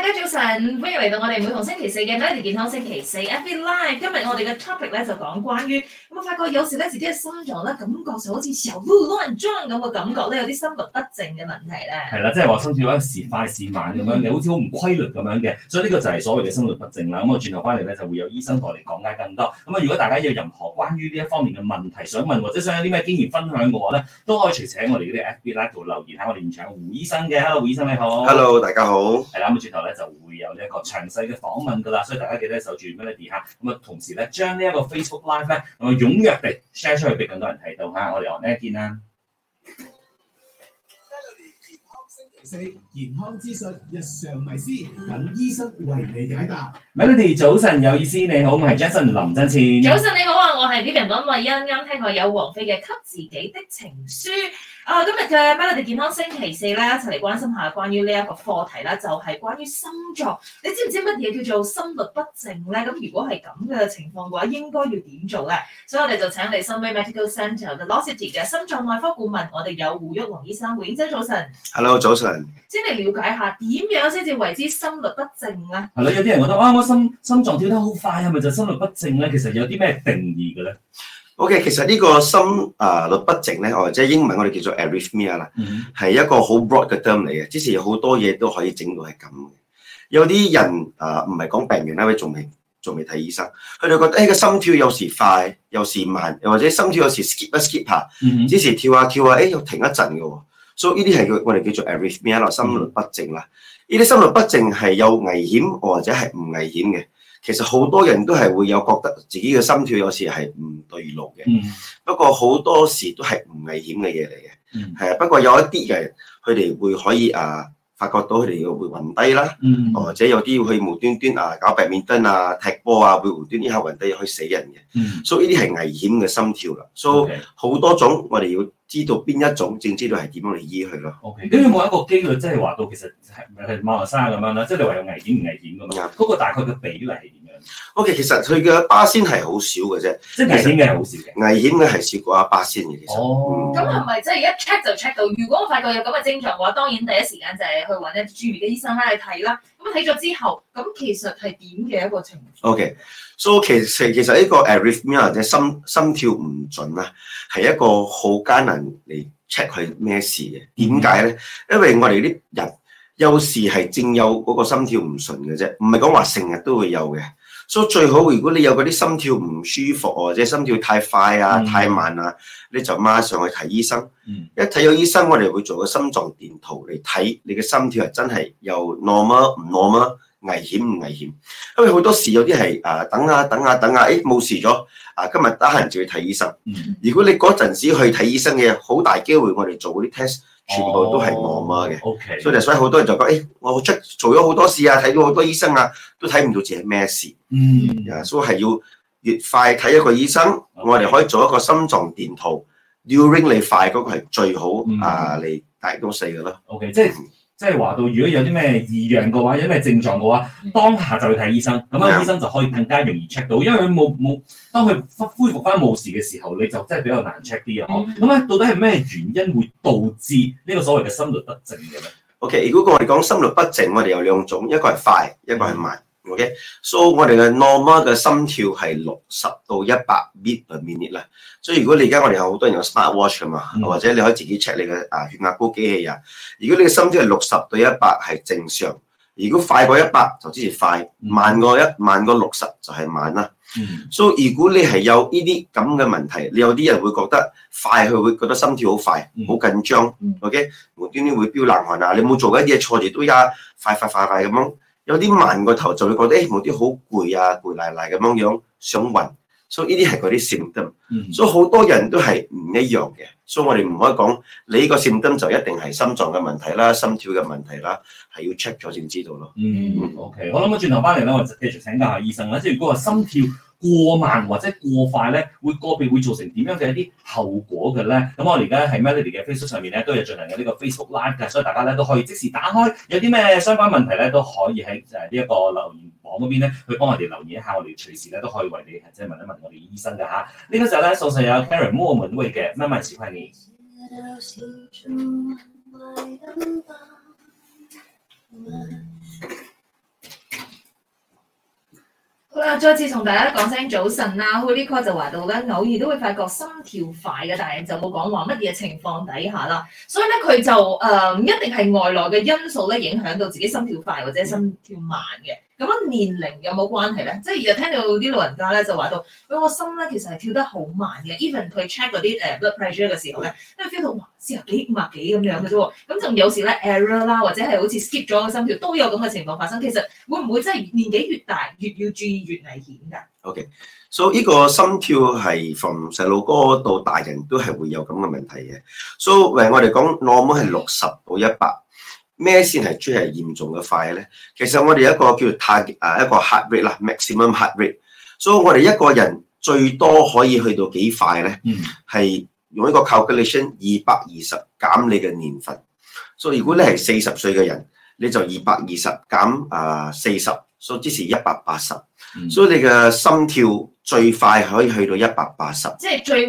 大家早晨，歡迎嚟到我哋每逢星期四嘅 MELODY 健康星期四，FB Live 今。今日我哋嘅 topic 咧就講關於我、嗯、發覺有時咧自己嘅心臟咧感覺上好似由好多人裝咁嘅感覺咧，有啲心律不整嘅問題咧。係啦，即係話心跳有時快是，時慢咁樣你好似好唔規律咁樣嘅。所以呢個就係所謂嘅心律不整啦。咁我轉頭翻嚟咧就會有醫生同我哋講解更多。咁啊，如果大家有任何關於呢一方面嘅問題想問，或者想有啲咩經驗分享嘅話咧，都可以請我哋嗰啲 FB Live 度留言喺我哋現場胡醫生嘅。Hello，胡醫生你好。Hello，大家好。係啦，咁轉頭就會有一個詳細嘅訪問㗎啦，所以大家記得守住 Melody 哈。咁啊，同時咧將呢一個 Facebook Live 咧，我哋踴躍 share 出去俾更多人睇到嚇、啊。我哋下呢見！Melody，健康星期四，健康資訊，日常迷思，等醫生為你解答。Melody 早晨，有意思你好，我係 Jason 林振千。早晨你好啊，我係 Beyond 林麗欣，嗯、剛剛聽過有王菲嘅《給自己的情書》。啊、哦，今日嘅 MELODY 健康星期四咧，一齊嚟關心下關於呢一個課題啦，就係、是、關於心臟。你知唔知乜嘢叫做心律不正呢咧？咁如果係咁嘅情況嘅話，應該要點做咧？所以我哋就請嚟心微 medical centre 嘅 Losity 嘅心臟外科顧問我，我哋有胡旭黃醫生，歡迎早晨。Hello，早晨。先嚟了解下，點樣先至為之心律不正咧？係啦、 啊，有啲人覺得啊，我心心臟跳得好快，係咪就心律不正咧？其實有啲咩定義嘅咧？OK，其實呢個心啊、呃、律不整咧，或者英文我哋叫做 arrhythmia 啦、mm，係、hmm. 一個好 broad 嘅 term 嚟嘅。之前好多嘢都可以整到係咁嘅。有啲人啊，唔係講病人啦，佢仲未仲未睇醫生，佢哋覺得誒個、哎、心跳有時快，有時慢，又或者心跳有時 skip 啊 skip 下，之前跳下、啊、跳下、啊，誒、哎、又停一陣嘅喎。所以呢啲係我哋叫做 arrhythmia 啦，心律不整啦。呢啲、mm hmm. 心律不整係有危險，或者係唔危險嘅。其實好多人都係會有覺得自己嘅心跳有時係唔對路嘅，嗯、不過好多時都係唔危險嘅嘢嚟嘅，係啊、嗯。不過有一啲嘅，佢哋會可以啊發覺到佢哋會暈低啦，嗯、或者有啲去無端端啊搞白面燈啊踢波啊，會無端端刻暈低，去死人嘅。嗯、所以呢啲係危險嘅心跳啦，嗯、所以好多種我哋要知道邊一種，正知道係點樣嚟醫佢咯。O K，咁有冇一個機率，即係話到其實係唔係馬來西亞咁樣啦？即係你話有危險唔危險咁樣？嗰 Yep. 個大概嘅比例。O.K.，其實佢嘅巴仙係好少嘅啫，即係危險嘅好少嘅，危險嘅係少過阿巴仙嘅。其哦，咁係咪即係一 check 就 check 到？如果我發覺有咁嘅症狀嘅話，當然第一時間就係去揾一住嘅醫生拉你睇啦。咁睇咗之後，咁其實係點嘅一個情況？O.K.，所以其其其實呢個誒 arrhythmia 即心心跳唔準啊，係一個好艱難嚟 check 佢咩事嘅？點解咧？Mm hmm. 因為我哋啲人有時係正有嗰、那個心跳唔順嘅啫，唔係講話成日都會有嘅。所以最好如果你有嗰啲心跳唔舒服或者心跳太快啊、太慢啊，你就馬上去睇醫生。嗯、一睇咗醫生，我哋會做個心臟電圖嚟睇你嘅心跳係真係有 normal 唔 normal 危險唔危險？因為好多時有啲係啊等下、啊、等下、啊、等下、啊，誒冇事咗啊，今日得閒就去睇醫生。嗯、如果你嗰陣時去睇醫生嘅，好大機會我哋做嗰啲 test。全部都係我阿媽嘅，Okay. 所以所以好多人就講，誒、哎，我出做咗好多事啊，睇到好多醫生啊，都睇唔到自己咩事，嗯，啊，所以係要越快睇一個醫生，Okay. 我哋可以做一個心臟電圖要 during 你快嗰個係最好、嗯、啊，嚟大公司嘅咯，OK、嗯。即係話到，如果有啲咩異樣嘅話，有咩症狀嘅話，當下就去睇醫生，咁樣醫生就可以更加容易 check 到，因為佢冇冇當佢恢復翻冇事嘅時候，你就真係比較難 check 啲啊！咁啊、嗯，咁樣到底係咩原因會導致呢個所謂嘅心律不整嘅咧？OK，如果我哋講心律不整，我哋有兩種，一個係快，一個係慢。O.K.，so、okay. 我哋嘅 normal 嘅心跳係六十到一百 beat per minute 啦。所以、嗯、如果你而家我哋有好多人有 smart watch 噶嘛，嗯、或者你可以自己 check 你嘅啊血壓高機器呀。如果你嘅心跳係六十到一百係正常，如果快過一百就之前快，嗯、慢過一慢過六十就係慢啦。所以、嗯 so, 如果你係有呢啲咁嘅問題，你有啲人會覺得快，佢會覺得心跳好快，好緊張。嗯、O.K. 無端端，端會飆冷汗啊！你冇做緊啲嘢錯住都呀快快快咁樣。有啲慢過頭就會覺得，誒冇啲好攰啊，攰賴賴咁樣樣，想暈，所以呢啲係嗰啲閃燈，所以好多人都係唔一樣嘅，所、so, 以我哋唔可以講你個閃燈就一定係心臟嘅問題啦，心跳嘅問題啦，係要 check 咗先知道咯。嗯，OK，我諗我轉頭翻嚟啦，我繼續請教下醫生啦，即係如果話心跳過慢或者過快咧，會個別會造成點樣嘅一啲後果嘅咧？咁我而家喺 Melody 嘅 Facebook 上面咧，都有進行有呢個 Facebook Live 嘅，所以大家咧都可以即時打開，有啲咩相關問題咧都可以喺誒呢一個留言榜嗰邊咧，去幫我哋留言一下，我哋隨時咧都可以為你即係問一問我哋醫生嘅嚇。呢、這個時候咧送上有 Karen 莫文蔚嘅《慢慢喜歡你。》 好啦，再次同大家講聲早晨啦。好，呢個就話到啦，偶爾都會發覺心跳快嘅，但係就冇講話乜嘢情況底下啦。所以咧，佢就誒，唔一定係外來嘅因素咧，影響到自己心跳快或者心跳慢嘅。咁樣年齡有冇關係咧？即係而家聽到啲老人家咧就話到，Okay. 到，佢個心咧其實係跳得好慢嘅，even 佢 check 嗰啲誒 blood pressure 嘅時候咧，因為 feel 到話四十幾、五十幾咁樣嘅啫喎。咁、hmm. 就有時咧 error 啦，或者係好似 skip 咗個心跳都有咁嘅情況發生。其實會唔會真係年紀越大越要注意越危險㗎？OK，所以呢個心跳係從細路哥到大人都係會有咁嘅問題嘅。So 誒，我哋講 normal 係六十到一百。Mm hmm. 咩先係最係嚴重嘅快咧？其實我哋有一個叫做 target 一個 heart rate 啦，maximum heart rate。所以我哋一個人最多可以去到幾快咧？係、嗯、用一個 calculation 二百二十減你嘅年份。所、so、以如果你係四十歲嘅人，你就二百二十減啊四十，所以之前一百八十。所以你嘅心跳。最快可以去到一百八十，即係最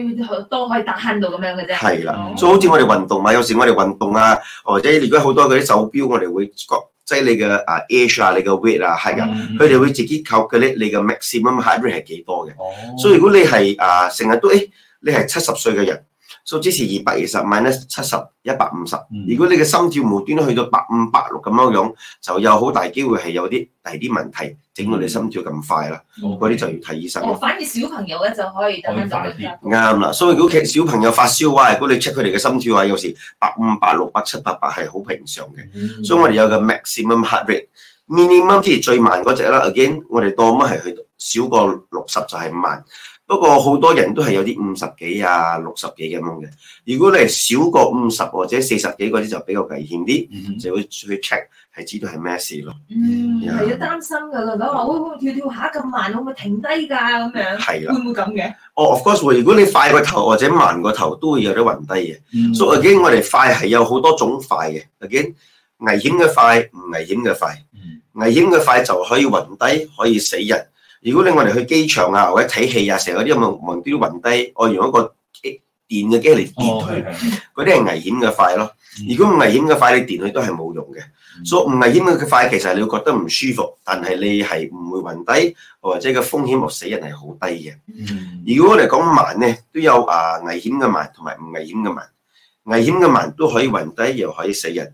多可以打限到咁樣嘅啫。係 啦， 所以好似我哋運動嘛，有時我哋運動啊，或者如果好多嗰啲手錶，我哋會計你嘅啊 age 啊，你嘅 weight 啊，係㗎，佢哋會自己扣 a 你嘅 maximum heart rate 係係幾多嘅。所以、哦 so, 如果你係啊成日都誒、哎，你係七十歲嘅人。所以之前二百二十 minus 咧，七十一百五十。如果你嘅心跳無端都去到百五、百六咁樣樣，就有好大機會係有啲第二啲問題，整到你心跳咁快啦。嗰啲、嗯、就要睇醫生。哦，反而小朋友咧就可以特登查啱啦。所以如果其實小朋友發燒話，如果你 check 佢哋嘅心跳話，有時百五、百六、百七、百八係好平常嘅。所以、嗯 so, 我哋有個 maximum heart rate，minimum 即係最慢嗰隻啦。again，我哋當乜係去到少過六十就係慢。不過好多人都係有啲五十幾啊、六十幾咁樣嘅。如果你係少過五十或者四十幾嗰啲就比較危險啲，mm hmm. 就會去 check 係知道係咩事咯。嗯、mm，係啊，擔心㗎啦、那個，我會,會唔會跳跳下咁慢，會唔會停低㗎咁樣？係啦的，會唔會咁嘅？哦、oh,，of course，如果你快過頭或者慢過頭都會有啲暈低嘅。Mm hmm. 所以見我哋快係有好多種快嘅，見危險嘅快唔危險嘅快，危險嘅快,快,、mm hmm. 快就可以暈低，可以死人。如果你我哋去機場啊，或者睇戲啊，成日嗰啲朦朦都暈低，我用一個電嘅機嚟跌佢，嗰啲係危險嘅快咯。如果唔危險嘅快，你跌佢都係冇用嘅。所以唔危險嘅快，其實你會覺得唔舒服，但係你係唔會暈低，或者個風險或死人係好低嘅。如果我哋講慢咧，都有啊危險嘅慢同埋唔危險嘅慢。危險嘅慢都可以暈低，又可以死人。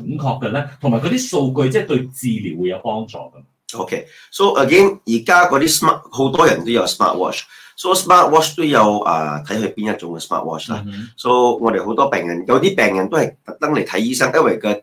準確嘅咧，同埋嗰啲數據即係對治療會有幫助嘅。Okay，so again，而家嗰啲 smart 好多人都有 smart watch，so smart watch 都有啊，睇佢邊一種嘅 smart watch 啦。So 我哋好多病人，有啲病人都係特登嚟睇醫生，因為佢。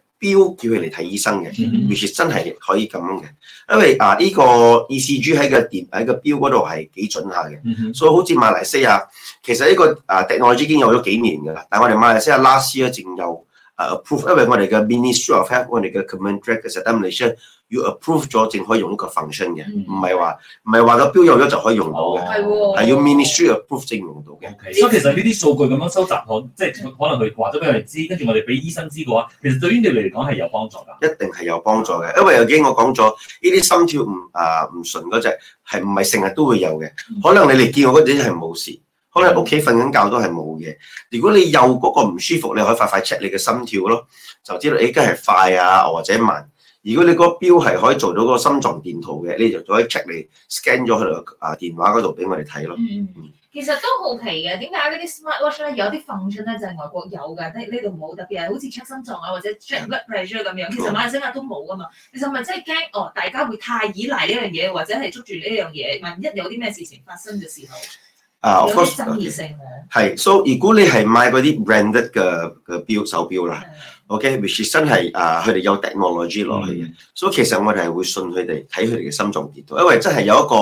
表叫佢嚟睇醫生嘅，其實、mm hmm. 真係可以咁嘅，因為啊呢、呢個 ECG 喺個電喺個表嗰度係幾準下嘅，mm hmm. 所以好似馬來西亞，其實呢、呢個啊迪內已經有咗幾年㗎啦，但係我哋馬來西亞拉斯都仲有。Uh, approve，因為我哋嘅 ministry of health，我哋嘅 contract m m a 嘅 settlement，要 approve 咗正可以用呢個 function 嘅，唔係話，唔係話到標用咗就可以用到嘅，係、哦、要 ministry approve 先用到嘅。O、哦、所以其實呢啲數據咁樣收集，可即係可能佢話咗俾我哋知，跟住我哋俾醫生知嘅話，其實對於你嚟講係有幫助㗎。一定係有幫助嘅，因為頭先我講咗呢啲心跳唔啊唔順嗰隻係唔係成日都會有嘅，嗯、可能你哋見我啲只係冇事。可能屋企瞓緊覺都係冇嘅。如果你又嗰個唔舒服，你可以快快 check 你嘅心跳咯，就知道你梗係快啊，或者慢。如果你個表係可以做到嗰個心臟電圖嘅，你就可以 check 你 scan 咗佢啊，電話嗰度俾我哋睇咯、嗯。其實都好奇嘅，點解呢啲 smart watch 咧有啲 function 咧就係、是、外國有嘅，呢呢度冇，特別係好似 check 心臟啊或者 check blood pressure 咁樣。其實馬來西亞都冇啊嘛。其實咪真係驚哦，大家會太依賴呢一樣嘢，或者係捉住呢一樣嘢，萬一有啲咩事情發生嘅時候。啊，uh, course, 有爭議性喎。係，所、so, 以如果你係買嗰啲 branded 嘅嘅錶手錶啦 OK, which is 真係啊，佢哋是、okay? uh, 有 technology 落去嘅。所以、嗯 so, 其實我哋係會信佢哋，睇佢哋嘅心臟電圖，因為真係有一個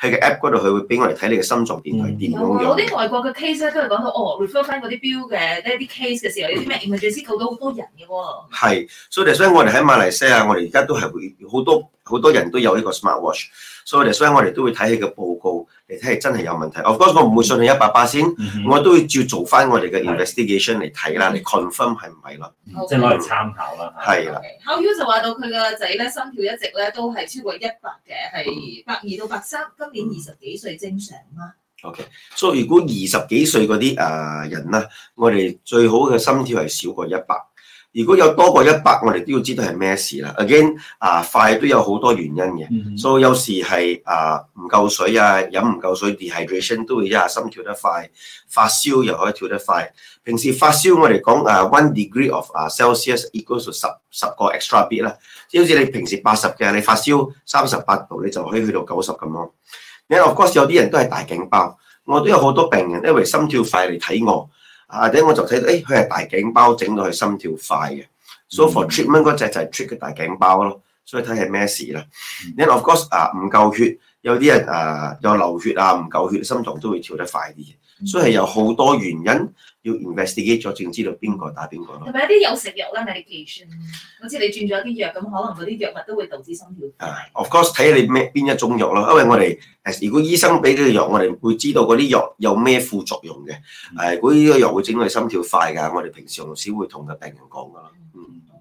喺個 app 嗰度，佢會俾我哋睇你嘅心臟電圖點樣用。嗰啲外國嘅 case 咧都係講到，哦，refer 翻嗰啲錶嘅，咧啲 case 嘅時候有啲咩，i 唔係最先救到好多人嘅喎、啊。係，所、so, 以所以我哋喺馬來西亞，我哋而家都係會好多好多人都有呢個 smart watch，所以、so, 所以我哋都會睇佢嘅報告。你睇係真係有問題，course, 我嗰時我唔會信你一百八先，mm hmm. 我都要照做翻我哋嘅 investigation 嚟睇啦，confirm 係唔係咯？即係攞嚟參考啦。係啊的。阿 U 就話到佢個仔咧心跳一直咧都係超過一百嘅，係百二到百三、mm，hmm. 今年二十幾歲正常啦。OK 所以如果二十幾歲嗰啲誒人啦，我哋最好嘅心跳係少過一百。如果有多過一百，我哋都要知道係咩事啦。Again，啊快都有好多原因嘅，所以、mm hmm. so, 有時係啊唔夠水啊，飲唔夠水，dehydration 都會啊心跳得快，發燒又可以跳得快。平時發燒我哋講啊，one degree of 啊、uh, Celsius equals to 十十個 extra bit 啦。即好似你平時八十嘅，你發燒三十八度，你就可以去到九十咁咯。你 of course 有啲人都係大頸泡，我都有好多病人因為心跳快嚟睇我。啊！啲我就睇到，誒、哎，佢係大頸包整到佢心跳快嘅，so for treatment 嗰、mm hmm. 只就係 treat 嘅大頸包咯，所以睇係咩事啦。Then，of course，啊，唔夠血，有啲人啊又、uh, 流血啊，唔夠血，心臟都會跳得快啲嘅。嗯、所以係有好多原因，要 investigate 咗先知道邊個打邊個咯。同埋一啲有食藥啦，medication，好似你轉咗啲藥，咁可能嗰啲藥物都會導致心跳。啊、uh, of course，睇下你咩邊一種藥咯，因為我哋，如果醫生俾嘅藥，我哋會知道嗰啲藥有咩副作用嘅。誒、嗯，如果呢個藥會整到你心跳快㗎，我哋平時老先會同個病人講㗎。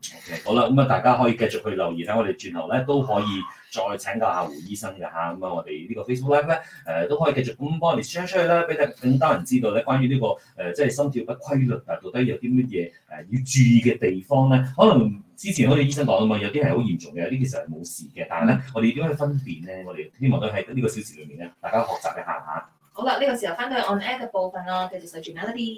Okay, 好啦，咁、嗯、啊大家可以繼續去留意，睇我哋轉頭咧都可以再請教下胡醫生嘅嚇。咁啊，嗯、我哋呢個 Facebook Live 咧，誒、呃、都可以繼續咁幫你 share 出去啦，俾更多人知道咧，關於呢、這個誒、呃、即係心跳不規律啊，到底有啲乜嘢誒要注意嘅地方咧？可能之前好似醫生講啊嘛，有啲係好嚴重嘅，有啲其實係冇事嘅。但係咧，我哋點樣去分辨咧？我哋希望都喺呢個小時裏面咧，大家學習一下嚇。好啦，呢、這個時候翻到我哋 A 嘅部分啦，繼續收住嗰啲。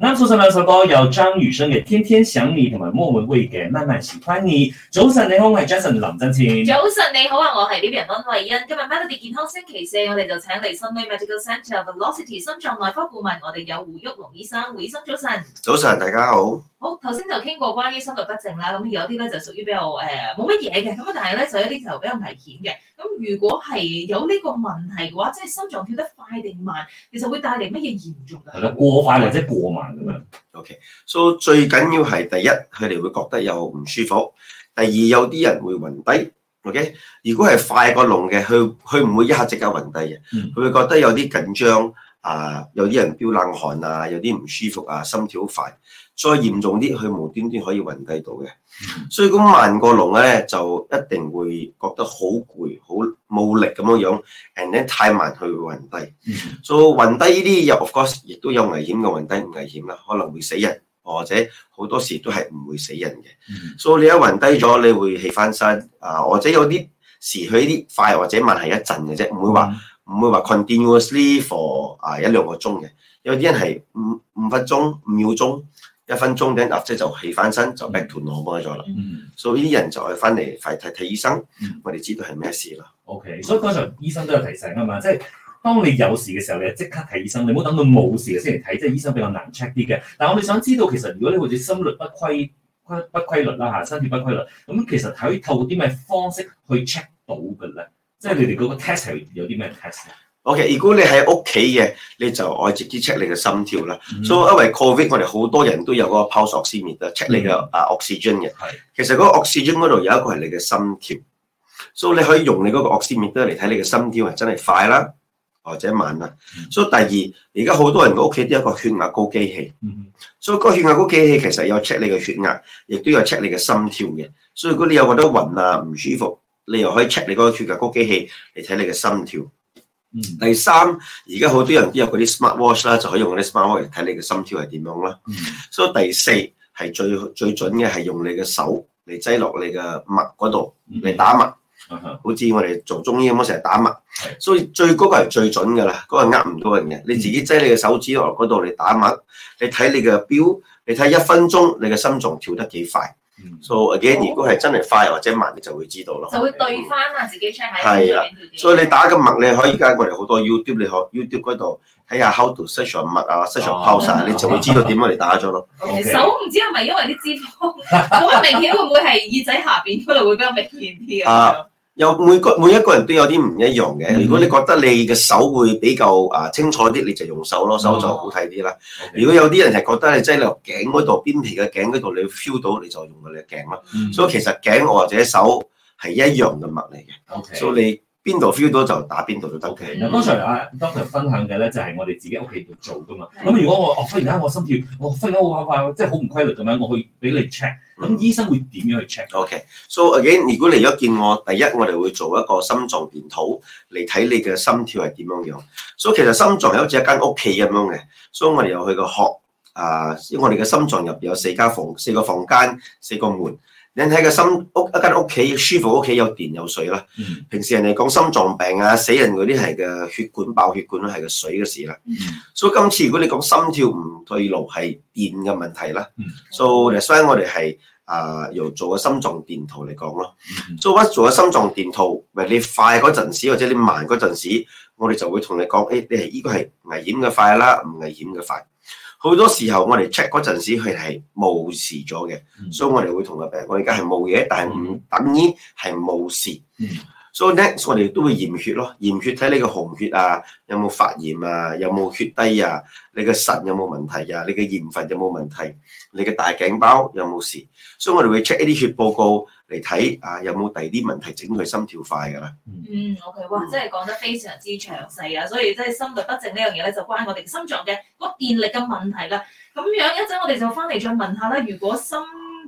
咁早、嗯、上有兩首歌有，張雨生嘅《天天想你》同埋莫文蔚嘅《慢慢喜歡你》。早晨你好，我係 Jason 林振前。早晨你好啊，我係呢邊溫慧欣。今日 MELODY 健康星期四，我哋就請嚟新美 Medical Centre Velocity 心臟內科顧問，我哋有胡旭龍醫生，胡醫生早晨。早晨，大家好。好，頭先就傾過關於心律不正啦，咁有啲咧就屬於比較誒冇乜嘢嘅，咁、呃、但係咧就有啲就比較危險嘅。咁如果係有呢個問題嘅話，即、就、係、是、心臟跳得快定慢，其實會帶嚟乜嘢嚴重啊？係啦，過快或者過慢。O K，所以最緊要係第一，佢哋會覺得有唔舒服；第二，有啲人會暈低。O、okay? K，如果係快過龍嘅，佢佢唔會一下即刻暈低嘅，佢會覺得有啲緊張啊、呃，有啲人飆冷汗啊，有啲唔舒服啊，心跳快。再嚴重啲，佢無端端可以暈低到嘅。嗯、所以咁慢過龍咧，就一定會覺得好攰、好冇力咁樣樣。人咧太慢，佢會暈低。嗯、所以暈低呢啲，of course 亦都有危險嘅。暈低唔危險啦，可能會死人，或者好多時都係唔會死人嘅。嗯、所以你一暈低咗，你會起返身啊，或者有啲時去啲快或者慢係一陣嘅啫，唔會話唔會話困跌 sleep for 啊、uh, 一兩個鐘嘅。有啲人係五五分鐘、五秒鐘。一分鐘頂一粒即係就起翻身就 back to normal 咗啦，所以呢啲人就去翻嚟快睇睇醫生，mm hmm. 我哋知道係咩事啦。O、okay, K，所以嗰陣醫生都有提醒啊嘛，即係當你有事嘅時候，你即刻睇醫生，你唔好等到冇事嘅先嚟睇，即係醫生比較難 check 啲嘅。但係我哋想知道，其實如果你好似心律不規不不規律啦、啊、嚇，心跳不規律，咁、嗯、其實睇透啲咩方式去 check 到嘅咧？即係你哋嗰個 test 係有啲咩 test 啊？OK，如果你喺屋企嘅，你就我直接 check 你嘅心跳啦。所以、mm hmm. so, 因為 Covid，我哋好多人都有嗰個拋索絲面嘅 check 你嘅啊 oxygen 嘅。係、mm，hmm. 其實嗰個 oxygen 嗰度有一個係你嘅心跳，所以你可以用你嗰個 oxygen 得嚟睇你嘅心跳係真係快啦，或者慢啦。所以、mm hmm. so, 第二，而家好多人屋企都有一個血壓高機器。Mm hmm. 所以個血壓高機器其實有 check 你嘅血壓，亦都有 check 你嘅心跳嘅。所、so, 以如果你有覺得暈啊唔舒服，你又可以 check 你嗰個血壓高機器嚟睇你嘅心跳。第三，而家好多人都有嗰啲 smart watch 啦，就可以用嗰啲 smart watch 睇你嘅心跳係點樣啦。嗯、所以第四係最最準嘅係用你嘅手嚟擠落你嘅脈嗰度嚟打脈，嗯嗯、好似我哋做中醫咁成日打脈。是所以最高係、嗰個、最準噶啦，嗰、嗰個呃唔到人嘅。你自己擠你嘅手指落嗰度嚟打脈，你睇你嘅表，你睇一分鐘你嘅心臟跳得幾快。So So again，、oh. 如果係真係快或者慢，你就會知道咯。就會對翻啊，自己 check 係。係啦的，所以你打個脈，你可以加過嚟好多 YouTube 你可 YouTube 嗰度睇下 how to measure 脈啊、oh. measure pulse 你就會知道點樣嚟打咗咯。Okay. 手唔知係咪因為啲脂肪，咁 明顯會唔會係耳仔下邊嗰度會比較明顯啲啊？ 有每個每一個人都有啲唔一樣嘅。嗯、如果你覺得你嘅手會比較啊清楚啲，你就用手咯，手就好睇啲啦。嗯、如果有啲人係覺得你即係、就係、你頸嗰度邊皮嘅頸嗰度，你 feel 到你就用到你頸啦。嗯、所以其實頸或者手係一樣嘅物嚟嘅。O.K.，、嗯、所以你。邊度 feel 到就打邊度就 OK。當然啊，通常分享嘅咧就係我哋自己屋企度做噶嘛。咁、嗯、如果我我忽然間我心跳，我忽然間好快快，即係好唔規律咁樣，我去以俾你 check。咁醫生會點樣去 check？OK。所以誒，okay. so, 如果你而家見我，第一，我哋會做一個心臟電圖嚟睇你嘅心跳係點樣樣。所、so, 以其實心臟好似一間屋企咁樣嘅，所、so, 以我哋有去個殼啊，我哋嘅心臟入邊有四間房、四個房間、四個門。你睇個心屋一間屋企舒服，屋企有電有水啦。Mm hmm. 平時人哋講心臟病啊，死人嗰啲係個血管爆，血管係個水嘅事啦。Mm hmm. 所以今次如果你講心跳唔退路係電嘅問題啦，所以所以我哋係啊又做個心臟電圖嚟講咯。Mm hmm. 做乜做個心臟電圖？咪你快嗰陣時或者你慢嗰陣時，我哋就會同你講，誒、哎、你係呢個係危險嘅快啦，唔危險嘅快。好多時候我哋 check 嗰陣時，佢係無事咗嘅，所以我哋會同佢：嗯「病我而家係冇嘢，但係唔等於係無事。」嗯。所以咧，So next, 我哋都會驗血咯，驗血睇你個紅血啊，有冇發炎啊，有冇血低啊，你個腎有冇問題啊，你個鹽分有冇問題，你嘅大頸包有冇事，所以我哋會 check 一啲血報告嚟睇啊，有冇第二啲問題整佢心跳快噶啦。嗯，okay，哇，真係講得非常之詳細啊。嗯、所以真係心律不正呢樣嘢咧，就關我哋心臟嘅個電力嘅問題啦。咁樣一陣我哋就翻嚟再問下啦，如果心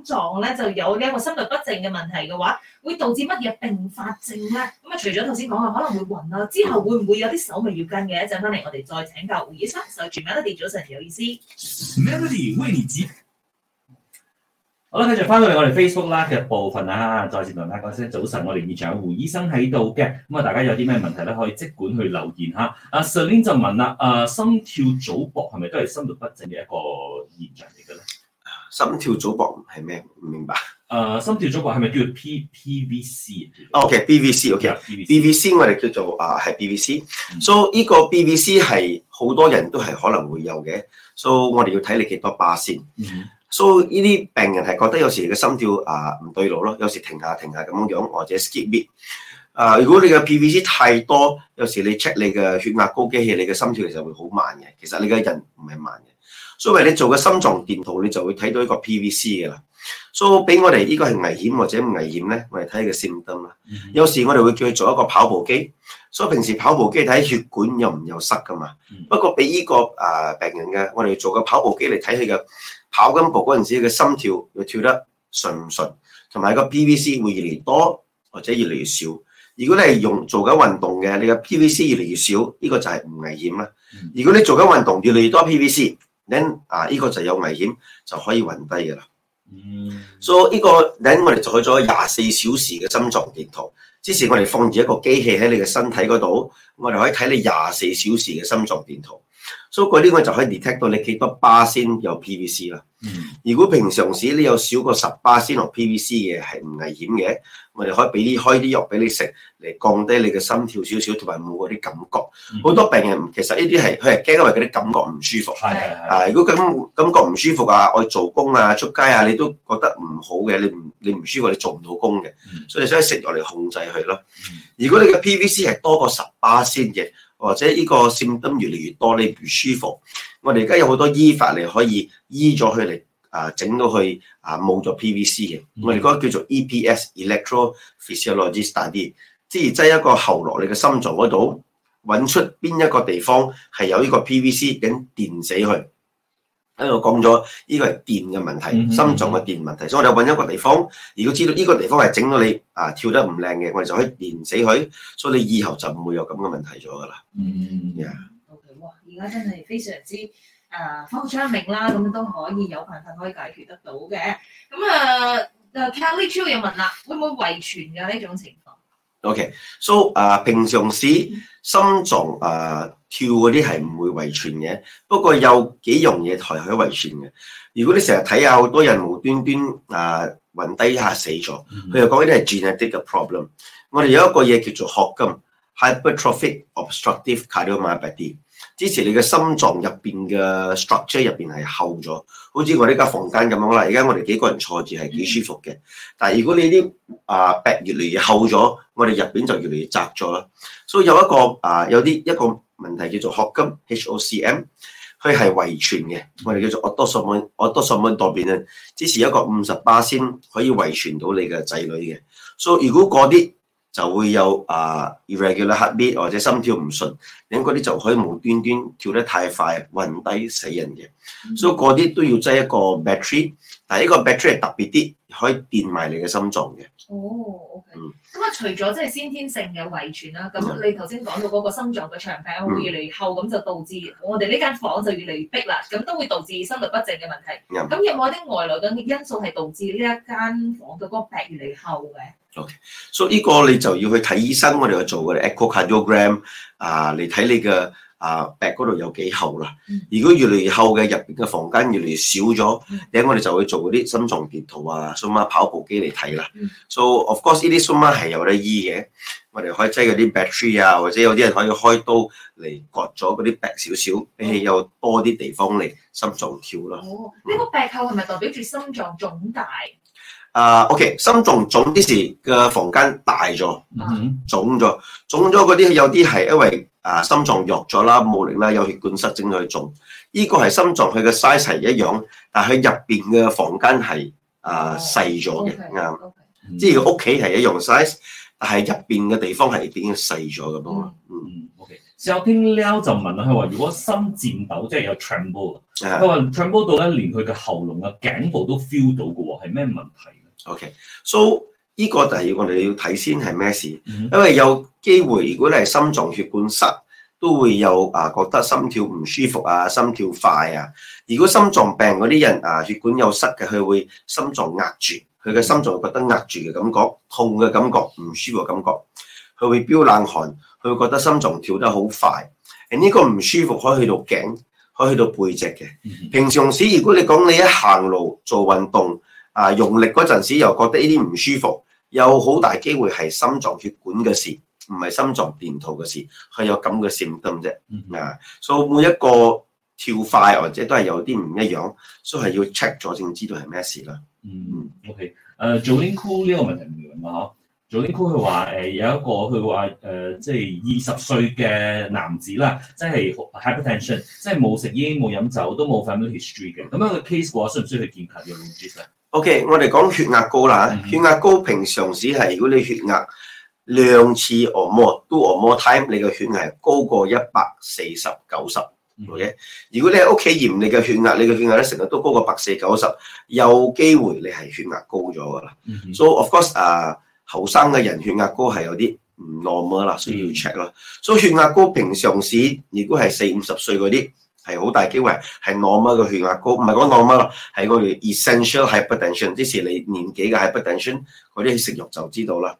撞咧就有呢一個心律不正嘅問題嘅話，會導致乜嘢併發症咧？咁啊，除咗頭先講嘅可能會暈啊，之後會唔會有啲手尾要跟嘅？一陣翻嚟我哋再請教胡醫生。就全民都哋早晨有意思。Morning，歡迎之。 好啦，繼續翻到嚟我哋 Facebook 啦嘅部分啊，再次同大家講聲早晨。我哋現場有胡醫生喺度嘅，咁啊，大家有啲咩問題咧，可以即管去留言吓。阿 Sunny 就問啦，啊心跳早搏係咪都係心律不正嘅一個現象嚟嘅咧？心跳早搏係咩？唔明白。誒，uh, 心跳早搏係咪叫做 P P V C？OK，P、okay, V C，OK，P、okay. yeah, v, v C，我哋叫做誒係、uh, P V C、mm。所以呢個 P V C 係好多人都係可能會有嘅。所、so, 以我哋要睇你幾多巴先。所以呢啲病人係覺得有時你嘅心跳啊唔、uh, 對路咯，有時停下停下咁樣樣，或者 skip beat。誒，如果你嘅 P V C 太多，有時你 check 你嘅血壓高機器，你嘅心跳其實會好慢嘅。其實你嘅人唔係慢嘅。所以你做個心臟電圖，你就會睇到一個 PVC 嘅啦。所以俾我哋呢個係危險或者唔危險咧？我哋睇個閃燈啦。Mm hmm. 有時我哋會叫佢做一個跑步機，所以平時跑步機睇血管又唔又塞噶嘛？Mm hmm. 不過俾呢、這個誒、呃、病人嘅，我哋做個跑步機嚟睇佢嘅跑緊步嗰陣時，佢心跳會跳得順唔順，同埋個 PVC 會越嚟越多或者越嚟越少。如果你係用做緊運動嘅，你嘅 PVC 越嚟越少，呢、這個就係唔危險啦。Mm hmm. 如果你做緊運動越嚟越多 PVC，Then, 啊，呢、這個就有危險，就可以暈低噶啦。嗯，所以呢個，咁我哋就去咗廿四小時嘅心臟電圖，之前我哋放住一個機器喺你嘅身體嗰度，我哋可以睇你廿四小時嘅心臟電圖。所以佢呢個就可以 detect 到你幾多巴仙有 PVC 啦、mm。Hmm. 如果平常時你有少過十巴仙落 PVC 嘅係唔危險嘅，我哋可以俾開啲藥俾你食嚟降低你嘅心跳少少，同埋冇嗰啲感覺。好、mm hmm. 多病人其實呢啲係佢係驚，因為嗰啲感覺唔舒服。的啊，如果咁感覺唔舒服啊，的我做工啊、出街啊，你都覺得唔好嘅，你唔你唔舒服，你做唔到工嘅。Mm hmm. 所以你想食落嚟控制佢咯。Mm hmm. 如果你嘅 PVC 係多過十巴仙嘅。或者呢個線針越嚟越多，你唔舒服。我哋而家有好多醫法嚟可以醫咗佢嚟，啊整到佢啊冇咗 PVC 嘅。我哋嗰個叫做 e p s e l e c t r o p h y s i o l o g i s t u d，即係擠一個喉落你嘅心臟嗰度，揾出邊一個地方係有呢個 PVC，咁電死佢。喺度講咗，呢個係電嘅問題，心臟嘅電問題，mm hmm. 所以我哋揾一個地方。如果知道呢個地方係整到你啊跳得唔靚嘅，我哋就可以電死佢，所以你以後就唔會有咁嘅問題咗㗎啦。嗯呀、mm hmm. Yeah.，OK，哇！而家真係非常之誒、啊，方昌明啦，咁都可以有辦法可以解決得到嘅。咁啊，Kelly Two 又問啦，會唔會遺傳嘅呢種情況？OK，so、okay. 誒、啊，平常時心臟誒。Mm hmm. 跳嗰啲係唔會遺傳嘅，不過有幾樣嘢抬去遺傳嘅。如果你成日睇下，好多人無端端啊暈低下死咗，佢就講呢啲係 genetic 嘅 problem。我哋有一個嘢叫做學金 hypertrophic obstructive cardiomyopathy，支持你嘅心臟入邊嘅 structure 入邊係厚咗，好似我呢間房間咁啦。而家我哋幾個人坐住係幾舒服嘅，但係如果你啲啊壁越嚟越厚咗，我哋入邊就越嚟越窄咗啦。所以有一個啊、呃、有啲一個。呃問題叫做學金 HOCM，佢係遺傳嘅。我哋叫做 autosomal，autosomal dominant 啊！之前有一個五十 percent 先可以遺傳到你嘅仔女嘅。所以如果嗰啲就會有啊 irregular heartbeat 或者心跳唔順，咁嗰啲就可以無端端跳得太快，暈低死人嘅。所以嗰啲都要擠一個 battery。係呢個 battery 係特別啲，可以電埋你嘅心臟嘅。哦、oh，OK、嗯。咁啊，除咗即係先天性嘅遺傳啦，咁你頭先講到嗰個心臟嘅長徑越嚟越厚，咁、嗯、就導致我哋呢間房就越嚟越逼啦，咁都會導致心律不正嘅問題。咁、嗯、有冇啲外來嘅因素係導致呢一間房嘅嗰個壁越嚟越厚嘅？OK，所以呢個你就要去睇醫生，我哋去做嘅 echocardiogram 啊，嚟睇你嘅。啊，壁嗰度有幾厚啦？如果越嚟越厚嘅，入邊嘅房間越嚟越少咗，第一我哋就會做嗰啲心臟電圖啊，so 跑步機嚟睇啦。So of course 呢啲 so m 係有得醫嘅，我哋可以擠嗰啲 battery 啊，或者有啲人可以開刀嚟割咗嗰啲壁少少，畀佢有多啲地方嚟心臟跳啦。哦，呢個壁厚係咪代表住心臟腫大？啊，O K，心臟腫啲時嘅房間大咗、mm hmm.，腫咗，腫咗嗰啲有啲係因為啊心臟弱咗啦，冇力啦，有血管塞症去腫。呢、這個係心臟佢嘅 size 係一樣，但佢入邊嘅房間係啊、uh, mm hmm. 細咗嘅，啱，Okay, okay. 即係屋企係一樣 size，但係入邊嘅地方係已經細咗咁啊。嗯，O K，有聽僆就問佢話，如果心顫抖，即係有 tremble，佢話 tremble 到咧，連佢嘅喉嚨啊、頸部都 feel 到嘅喎，係咩問題？O.K.，so、okay. 呢個第二個我哋要睇先係咩事，因為有機會如果你係心臟血管塞，都會有啊覺得心跳唔舒服啊，心跳快啊。如果心臟病嗰啲人啊，血管有塞嘅，佢會心臟壓住，佢嘅心臟會覺得壓住嘅感覺，痛嘅感覺，唔舒服嘅感覺，佢會飆冷汗，佢會覺得心臟跳得好快。誒呢個唔舒服可以去到頸，可以去到背脊嘅。嗯、哼平常時如果你講你一行路做運動。啊！用力嗰陣時又覺得呢啲唔舒服，有好大機會係心臟血管嘅事，唔係心臟電圖嘅事，佢有咁嘅性質啫。嗯、啊，所以每一個跳快或者都係有啲唔一樣，所以係要 check 咗先知道係咩事啦。嗯，嗯，OK。誒 Zoungku 呢個問題唔同嘅嗬。Zoungku 佢話誒有一個佢話誒即係二十歲嘅男子啦，即係 hypertension 即係冇食煙冇飲酒都冇 family history 嘅咁樣嘅 case 嘅話，需唔需要去檢查用 ultrasound O.K.，我哋講血壓高啦，mm hmm. 血壓高平常時係如果你血壓兩次 or more 都 or more time，你嘅血壓高過一百四十九十。O.K.，hmm. 如果你喺屋企驗你嘅血壓，你嘅血壓咧成日都高過百四九十，有機會你係血壓高咗噶啦。Mm hmm. So of course 啊，後生嘅人血壓高係有啲唔 normal 啦，需要 check 咯。所以要、mm hmm. so、血壓高平常時如果係四五十歲嗰啲。係好大機會，係按摩嘅血壓高。唔係講按摩，係個叫 Essential Hypertension。即係你年紀㗎，喺 Hypertension 嗰啲去食肉就知道喇。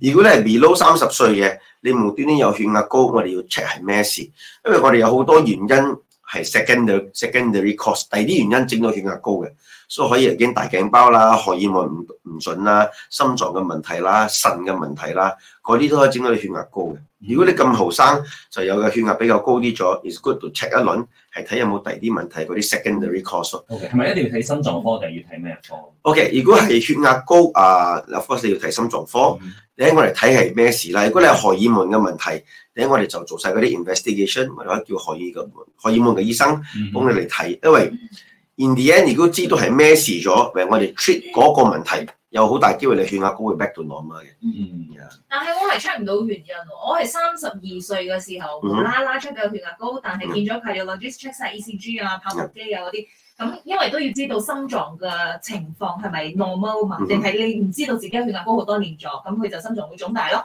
如果你係 below 三十歲嘅，你無端端有血壓高，我哋要 Check 係咩事，因為我哋有好多原因係 second Secondary Cause。第二啲原因整到血壓高嘅。所以可以嚟講，大頸包啦、荷爾蒙唔唔準啦、心臟嘅問題啦、腎嘅問題啦，嗰啲都可以整到你血壓高嘅。如果你咁後生就有嘅血壓比較高啲咗，is good check 一輪，係睇有冇第二啲問題，嗰啲 secondary cause。O K，係咪一定要睇心臟科定要睇咩科？O K，如果係血壓高啊，嗱，first 要睇心臟科，你喺我嚟睇係咩事啦？如果你係荷爾蒙嘅問題，你喺我哋就做晒嗰啲 investigation，或者叫荷爾蒙荷爾蒙嘅醫生幫你嚟睇，因為。in the end，你都知道係咩事咗，我哋 check 嗰個問題，有好大機會你血壓高會 back 到 normal 嘅。嗯、mm，hmm. Yeah. 但係我係 check 唔到原因，我係三十二歲嘅時候無啦啦出咗血壓高，但係見咗佢又立即 check 曬 ECG 啊、跑步機啊嗰啲，咁因為都要知道心臟嘅情況係咪 normal 啊嘛，定係、mm hmm. 你唔知道自己血壓高好多年咗，咁佢就心臟會腫大咯。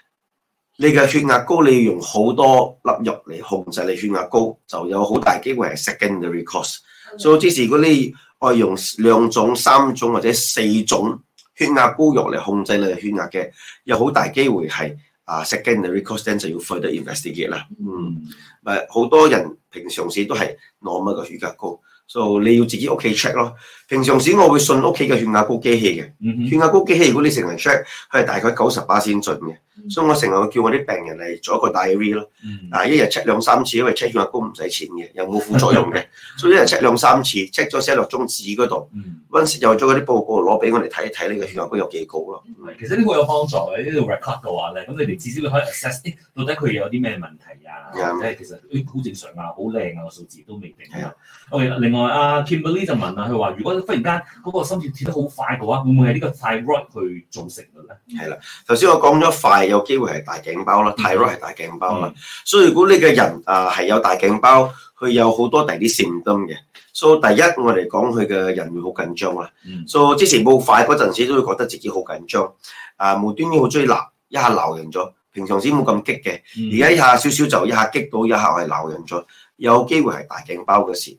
你嘅血壓高，你要用好多粒藥嚟控制你血壓高，就有好大機會係 secondary cause。Mm hmm. 所以即使如果你愛用兩種、三種或者四種血壓高藥嚟控制你嘅血壓嘅，有好大機會係啊 secondary cause，then 就要 further investigate 啦。嗯、mm，咪、hmm. 好多人平常時都係攞乜嘅血壓高，所以你要自己屋企 check 咯。平常時我會信屋企嘅血壓高機器嘅，mm hmm. 血壓高機器如果你成日 check，佢係大概九十八先準嘅。嗯、所以我成日叫我啲病人嚟做一個 diary 咯，嗯、啊一日 check 兩三次，因為 check 血壓高唔使錢嘅，又冇副作用嘅， 所以一日 check 兩三次，check 咗寫落中字嗰度，溫氏、嗯、又做嗰啲報告攞俾我哋睇一睇呢個血壓高有幾高咯。嗯、其實呢個有幫助嘅，呢個 record 嘅話咧，咁你哋至少可以 assess，到底佢有啲咩問題啊？嗯、其實好正常啊，好靚啊個數字都未定啊。哦、嗯，okay, 另外阿、啊、Kimberley 就問啊，佢話如果忽然間嗰個心跳跳得好快嘅話，會唔會係呢個 thyroid 去造成嘅咧？係啦、嗯，頭先、嗯、我講咗快。有機會係大頸包啦，太多係大頸包啦。所以、mm hmm. so, 如果你嘅人啊係有大頸包，佢有好多第二線針嘅。所、so, 以第一我哋講佢嘅人會好緊張啦。所以、mm hmm. so, 之前冇快嗰陣時都會覺得自己好緊張。啊無端端好追鬧，一下鬧人咗。平常時冇咁激嘅，而家、mm hmm. 一下少少就一下激到，一下係鬧人咗。有機會係大頸包嘅事，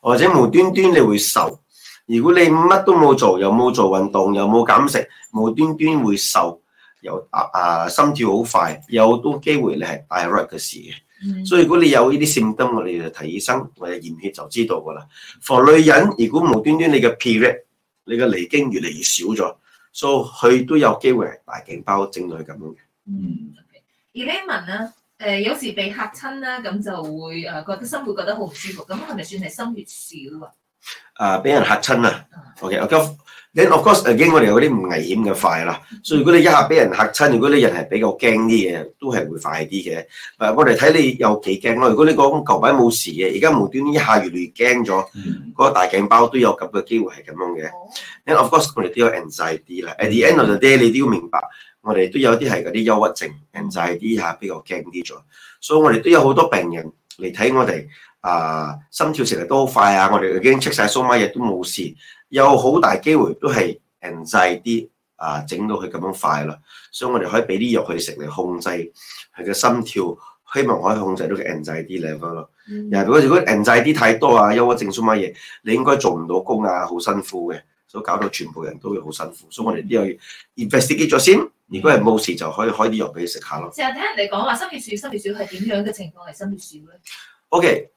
或者無端端你會瘦。如果你乜都冇做，又冇做運動，又冇減食，無端端會瘦。有啊啊心跳好快，有好多機會你係 irrit 嘅事嘅，所以如果你有呢啲徵狀，我哋就睇醫生，我哋驗血就知道噶啦。防女人，如果無端端你嘅 period 你嘅月經越嚟越少咗，所以佢都有機會係大頸包症類咁樣嘅。嗯，O.K. 而呢位呢，誒有時被嚇親啦，咁就會誒覺得心會覺得好唔舒服，咁係咪算係心血少啊？啊，俾人嚇親啊，O.K. 我今。你 of course，驚 Sky jogo 我哋有啲唔危險嘅快啦。所以、mm. so, 如果你一下俾人嚇親，如果你人係比較驚啲嘢，都係會快啲嘅。誒，我哋睇你有幾驚咯。如果你講舊排冇事嘅，而家無端一下越嚟越驚咗，嗰個大頸泡都有咁嘅機會係咁樣嘅。你 of course，我哋都有人仔啲啦。At the end of the day，、mm. 你都要明白，我哋都有啲係嗰啲憂鬱症，e 人仔啲下比較驚啲咗。所、so, 以我哋都有好多病人嚟睇我哋啊，心跳成日都好快啊，我哋已經 check 曬所有嘢都冇事。有好大機會都係 anxiety 啊，整到佢咁樣快啦，所以我哋可以俾啲藥佢食嚟控制佢嘅心跳，希望可以控制到佢 anxiety level 咯。嗯、如果如果 anxiety 太多啊，憂鬱症、疏乜嘢，你應該做唔到工啊，好辛苦嘅，所以搞到全部人都會好辛苦。所以我哋都要 investigate 咗先。如果係冇事，就可以開啲藥俾佢食下咯。成日、嗯、聽人哋講話心血少，心血少係點樣嘅情況嚟？心血少咧？O、okay, K，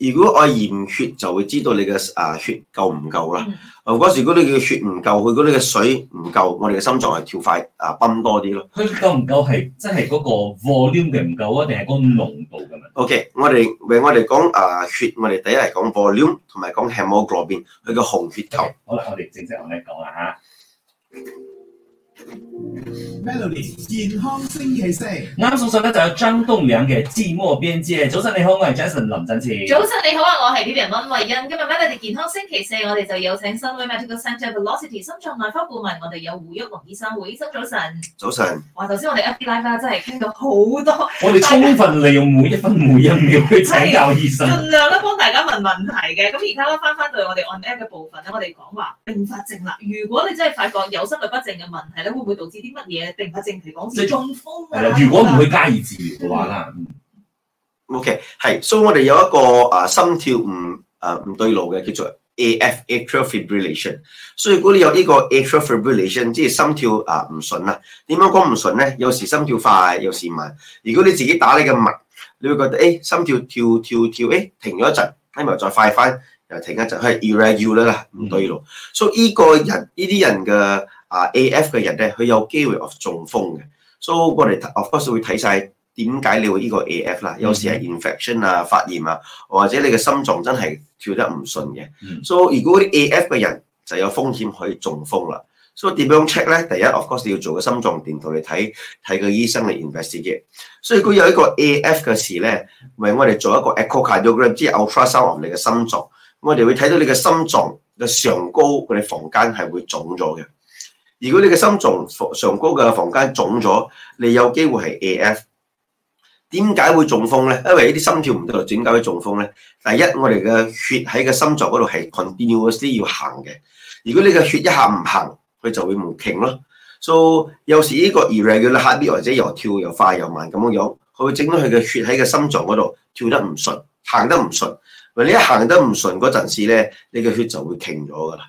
血如果我驗血就會知道你嘅啊血夠唔夠啦。哦、嗯，嗰時嗰啲叫血唔夠，佢嗰啲嘅水唔夠，我哋嘅心臟係跳快啊，泵多啲咯。佢夠唔夠係即係嗰個 volume 嘅唔夠啊，定係嗰個濃度嘅問題？Okay，我哋唔我哋講啊血，我哋第一嚟講 volume，同埋講 Hemoglobin，佢嘅紅血球。Okay，好啦，我哋正式同你講啦吓。Melody 健康星期四，啱送上咧就有張棟梁嘅《寂寞邊界》早。早晨你好，我係 Jason 林振市。早晨你好啊，我係 P P M 溫慧欣。今日 Melody 健康星期四，我哋就有請新威 Medical Centre Velocity 心臟外科顧問，我哋有胡旭龍醫生、胡醫生早晨。早晨。早上哇，頭先我哋 app 拉拉真係傾到好多，我哋充分利用每一分每一秒去請教醫生，盡 量咧幫大家問問題嘅。咁而家咧翻翻到我哋按 app 嘅部分咧，我哋講話併發症啦。如果你真係發覺有心律不正嘅問題。會唔會導致啲乜嘢？定係正係講就中風啊，如果唔會加以治療嘅話啦，嗯，O K，係，所以我哋有一個啊心跳唔啊唔對路嘅，叫做 A F atrial fibrillation。所以如果你有呢個 atrial fibrillation 即係心跳啊唔順啦，點樣講唔順咧？有時心跳快，有時慢。如果你自己打你嘅脈，你會覺得誒心跳跳跳跳，誒停咗一陣，跟住又再快翻，又停一陣，係 irregular 啦，唔對路。所以呢個人呢啲人嘅。啊，A.F. 嘅人咧，佢有機會中風嘅，所、so, 以我哋 of course 會睇晒點解你會呢個 A.F. 啦。有時係 infection 啊、發炎啊，或者你嘅心臟真係跳得唔順嘅。所、so, 以如果啲 A.F. 嘅人就有風險可以中風啦。所以點樣 check 咧？第一，of course 要做個心臟電圖嚟睇，睇個醫生嚟 investigate。所以佢有一個 A.F. 嘅時咧，咪我哋做一個 echo cardiogram，即係 ultrasound 嚟嘅心臟。我哋會睇到你嘅心臟嘅上高，佢哋房間係會腫咗嘅。如果你嘅心臟上高嘅房間腫咗，你有機會係 A.F。點解會中風咧？因為呢啲心跳唔對，整解佢中風咧。第一，我哋嘅血喺個心臟嗰度係困 o n t 要行嘅。如果你嘅血一下唔行，佢就會唔勁咯。So，有時呢個 e r r e g u l a r 或者又跳又快又慢咁樣樣，佢會整到佢嘅血喺個心臟嗰度跳得唔順，行得唔順。你一行得唔順嗰陣時咧，你嘅血就會停咗噶啦。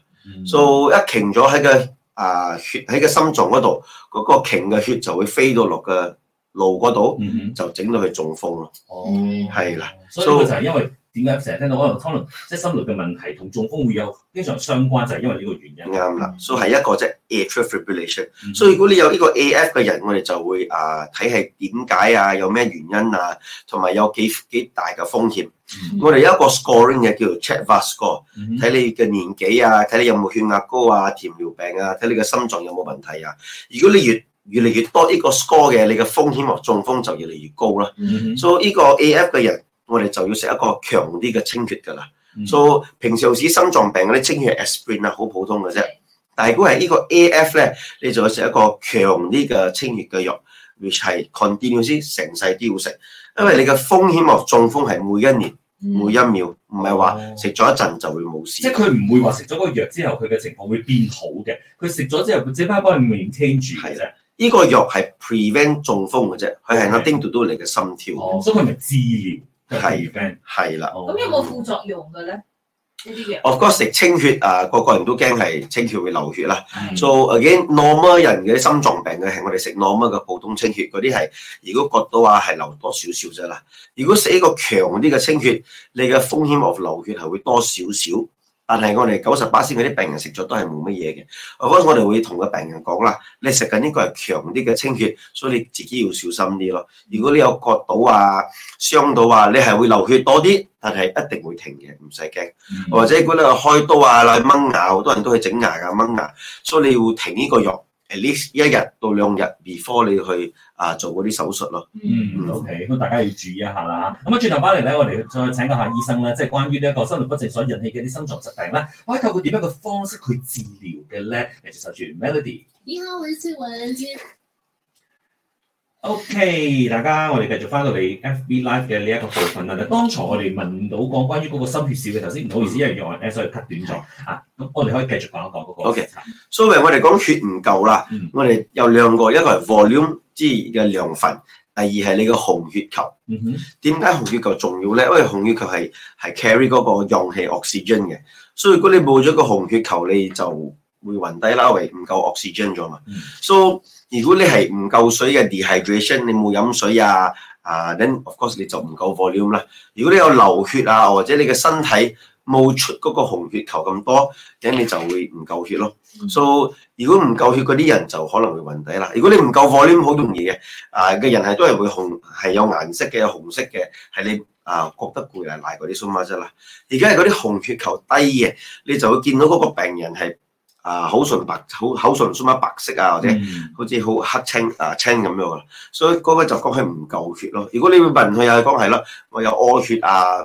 So，一停咗喺個。啊！血喺、個心臟嗰度，嗰個頸嘅血就會飛到落個路嗰度，mm hmm. 就整到佢中風咯。哦、oh. 的，係啦，所以就係因為。點解成日聽到可能即係心律嘅問題同中風會有經常有相關，就係、是、因為呢個原因。啱啦，所以係一個即係 Atrial Fibrillation。所以如果你有呢個 AF 嘅人，我哋就會啊睇係點解啊，有咩原因啊，同埋有，有幾幾大嘅風險。Mm hmm. 我哋有一個 scoring 嘅叫做 CHA2DS2-VASc score，睇、mm hmm. 你嘅年紀啊，睇你有冇血壓高啊，糖尿病啊，睇你嘅心臟有冇問題啊。如果你越越嚟越多呢個 score 嘅，你嘅風險和中風就越嚟越高啦、啊。所以呢個 AF 嘅人。我哋就要食一個強啲嘅清血㗎啦，做以、嗯 so, 平時好似心臟病嗰啲清血 aspirin 啊，好普通嘅啫。但係如果係呢個 AF 咧，你就要食一個強啲嘅清血嘅藥，which 係 continuously 成世都要食，因為你嘅風險哦中風係每一年、每一秒，唔係話食咗一陣就會冇事。嗯嗯嗯、即係佢唔會話食咗個藥之後，佢嘅情況會變好嘅。佢食咗之後，只係幫你 maintain 住啫。呢、呢個藥係 prevent 中風嘅啫，佢係壓低到到你嘅心跳哦。哦，所以佢咪自然。係，係啦。咁有冇副作用嘅咧？呢啲藥？我覺得食清血啊，個個人都驚係清血會流血啦。的 So again，normal 人嘅心臟病嘅係我哋食 normal 嘅普通清血，嗰啲係如果覺得話係流多少少啫啦。如果食一個強啲嘅清血，你嘅風險 of 流血係會多少少。但係我哋九十八先嗰啲病人食咗都係冇乜嘢嘅。我覺得我哋會同個病人講啦，你食緊應該係強啲嘅清血，所以你自己要小心啲咯。如果你有割到啊、傷到啊，你係會流血多啲，但係一定會停嘅，唔使驚。Mm hmm. 或者如果你開刀啊、去掹牙，好多人都去整牙啊、掹牙，所以你要停呢個藥。At least 一日到兩日 before 你去啊做嗰啲手術咯。嗯，嗯，OK，咁大家要注意一下啦吓。咁啊，轉頭翻嚟咧，我哋再請教下醫生啦，即係關於呢一個心律不正所引起嘅啲心臟疾病咧，可以透過點樣嘅方式去治療嘅咧？誒，就住 Melody。你好，我是蔡文 O.K.，大家，我哋繼續翻到嚟 F.B. Live 嘅呢一個部分啦。嗱，剛才我哋問到講關於嗰個心血少嘅，頭先唔好意思，因為用完誒，所以 cut 短咗。啊，咁我哋可以繼續講一講嗰個試試。O.K.，所以我哋講血唔夠啦。嗯。我哋有兩個，一個係 volume 之嘅量份，第二係你個紅血球。嗯哼。點解紅血球重要咧？因為紅血球係係 carry 嗰個氧氣 oxygen 嘅。所以如果你冇咗個紅血球，你就會暈低啦，係唔夠 oxygen 咗嘛？嗯。So。如果你係唔夠水嘅 dehydration 你冇飲水啊，啊、uh,，then of course 你就唔夠 volume 啦。如果你有流血啊，或者你嘅身體冇出嗰個紅血球咁多，咁你就會唔夠血咯。So 如果唔夠血，嗰啲人就可能會暈底啦。如果你唔夠 volume，好容易嘅。啊、uh, 嘅人係都係會紅，係有顏色嘅，有紅色嘅，係你啊、uh, 覺得攰啊賴嗰啲 so much 啦。而家嗰啲紅血球低嘅，你就會見到嗰個病人係。啊，口唇白，口口唇疏忽白色啊，或者好似好黑青啊青咁樣，所以嗰個就講係唔夠血咯。如果你會問佢又係講係咯，我有屙血啊，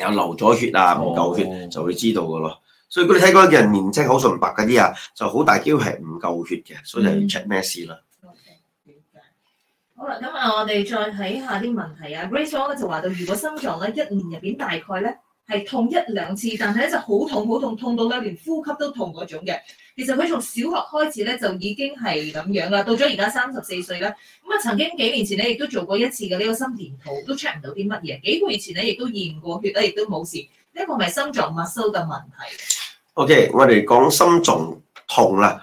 有流咗血啊，唔夠血、哦、就會知道噶咯。所以佢哋睇嗰啲人年色好純白嗰啲啊，就好大機會係唔夠血嘅，所以就要 check 咩事啦。嗯 okay. 好啦，咁啊，我哋再睇下啲問題啊。Grace 講咧就話到，如果心臟咧一年入面大概咧。係痛一兩次，但係咧就好痛好痛，痛到咧連呼吸都痛嗰種嘅。其實佢從小學開始咧就已經係咁樣啦，到咗而家三十四歲啦。咁啊，曾經幾年前咧亦都做過一次嘅呢個心電圖，都 check 唔到啲乜嘢。幾個月前咧亦都驗過血啦，亦都冇事。呢個咪心臟鬱縮嘅問題。OK，我哋講心臟痛啦。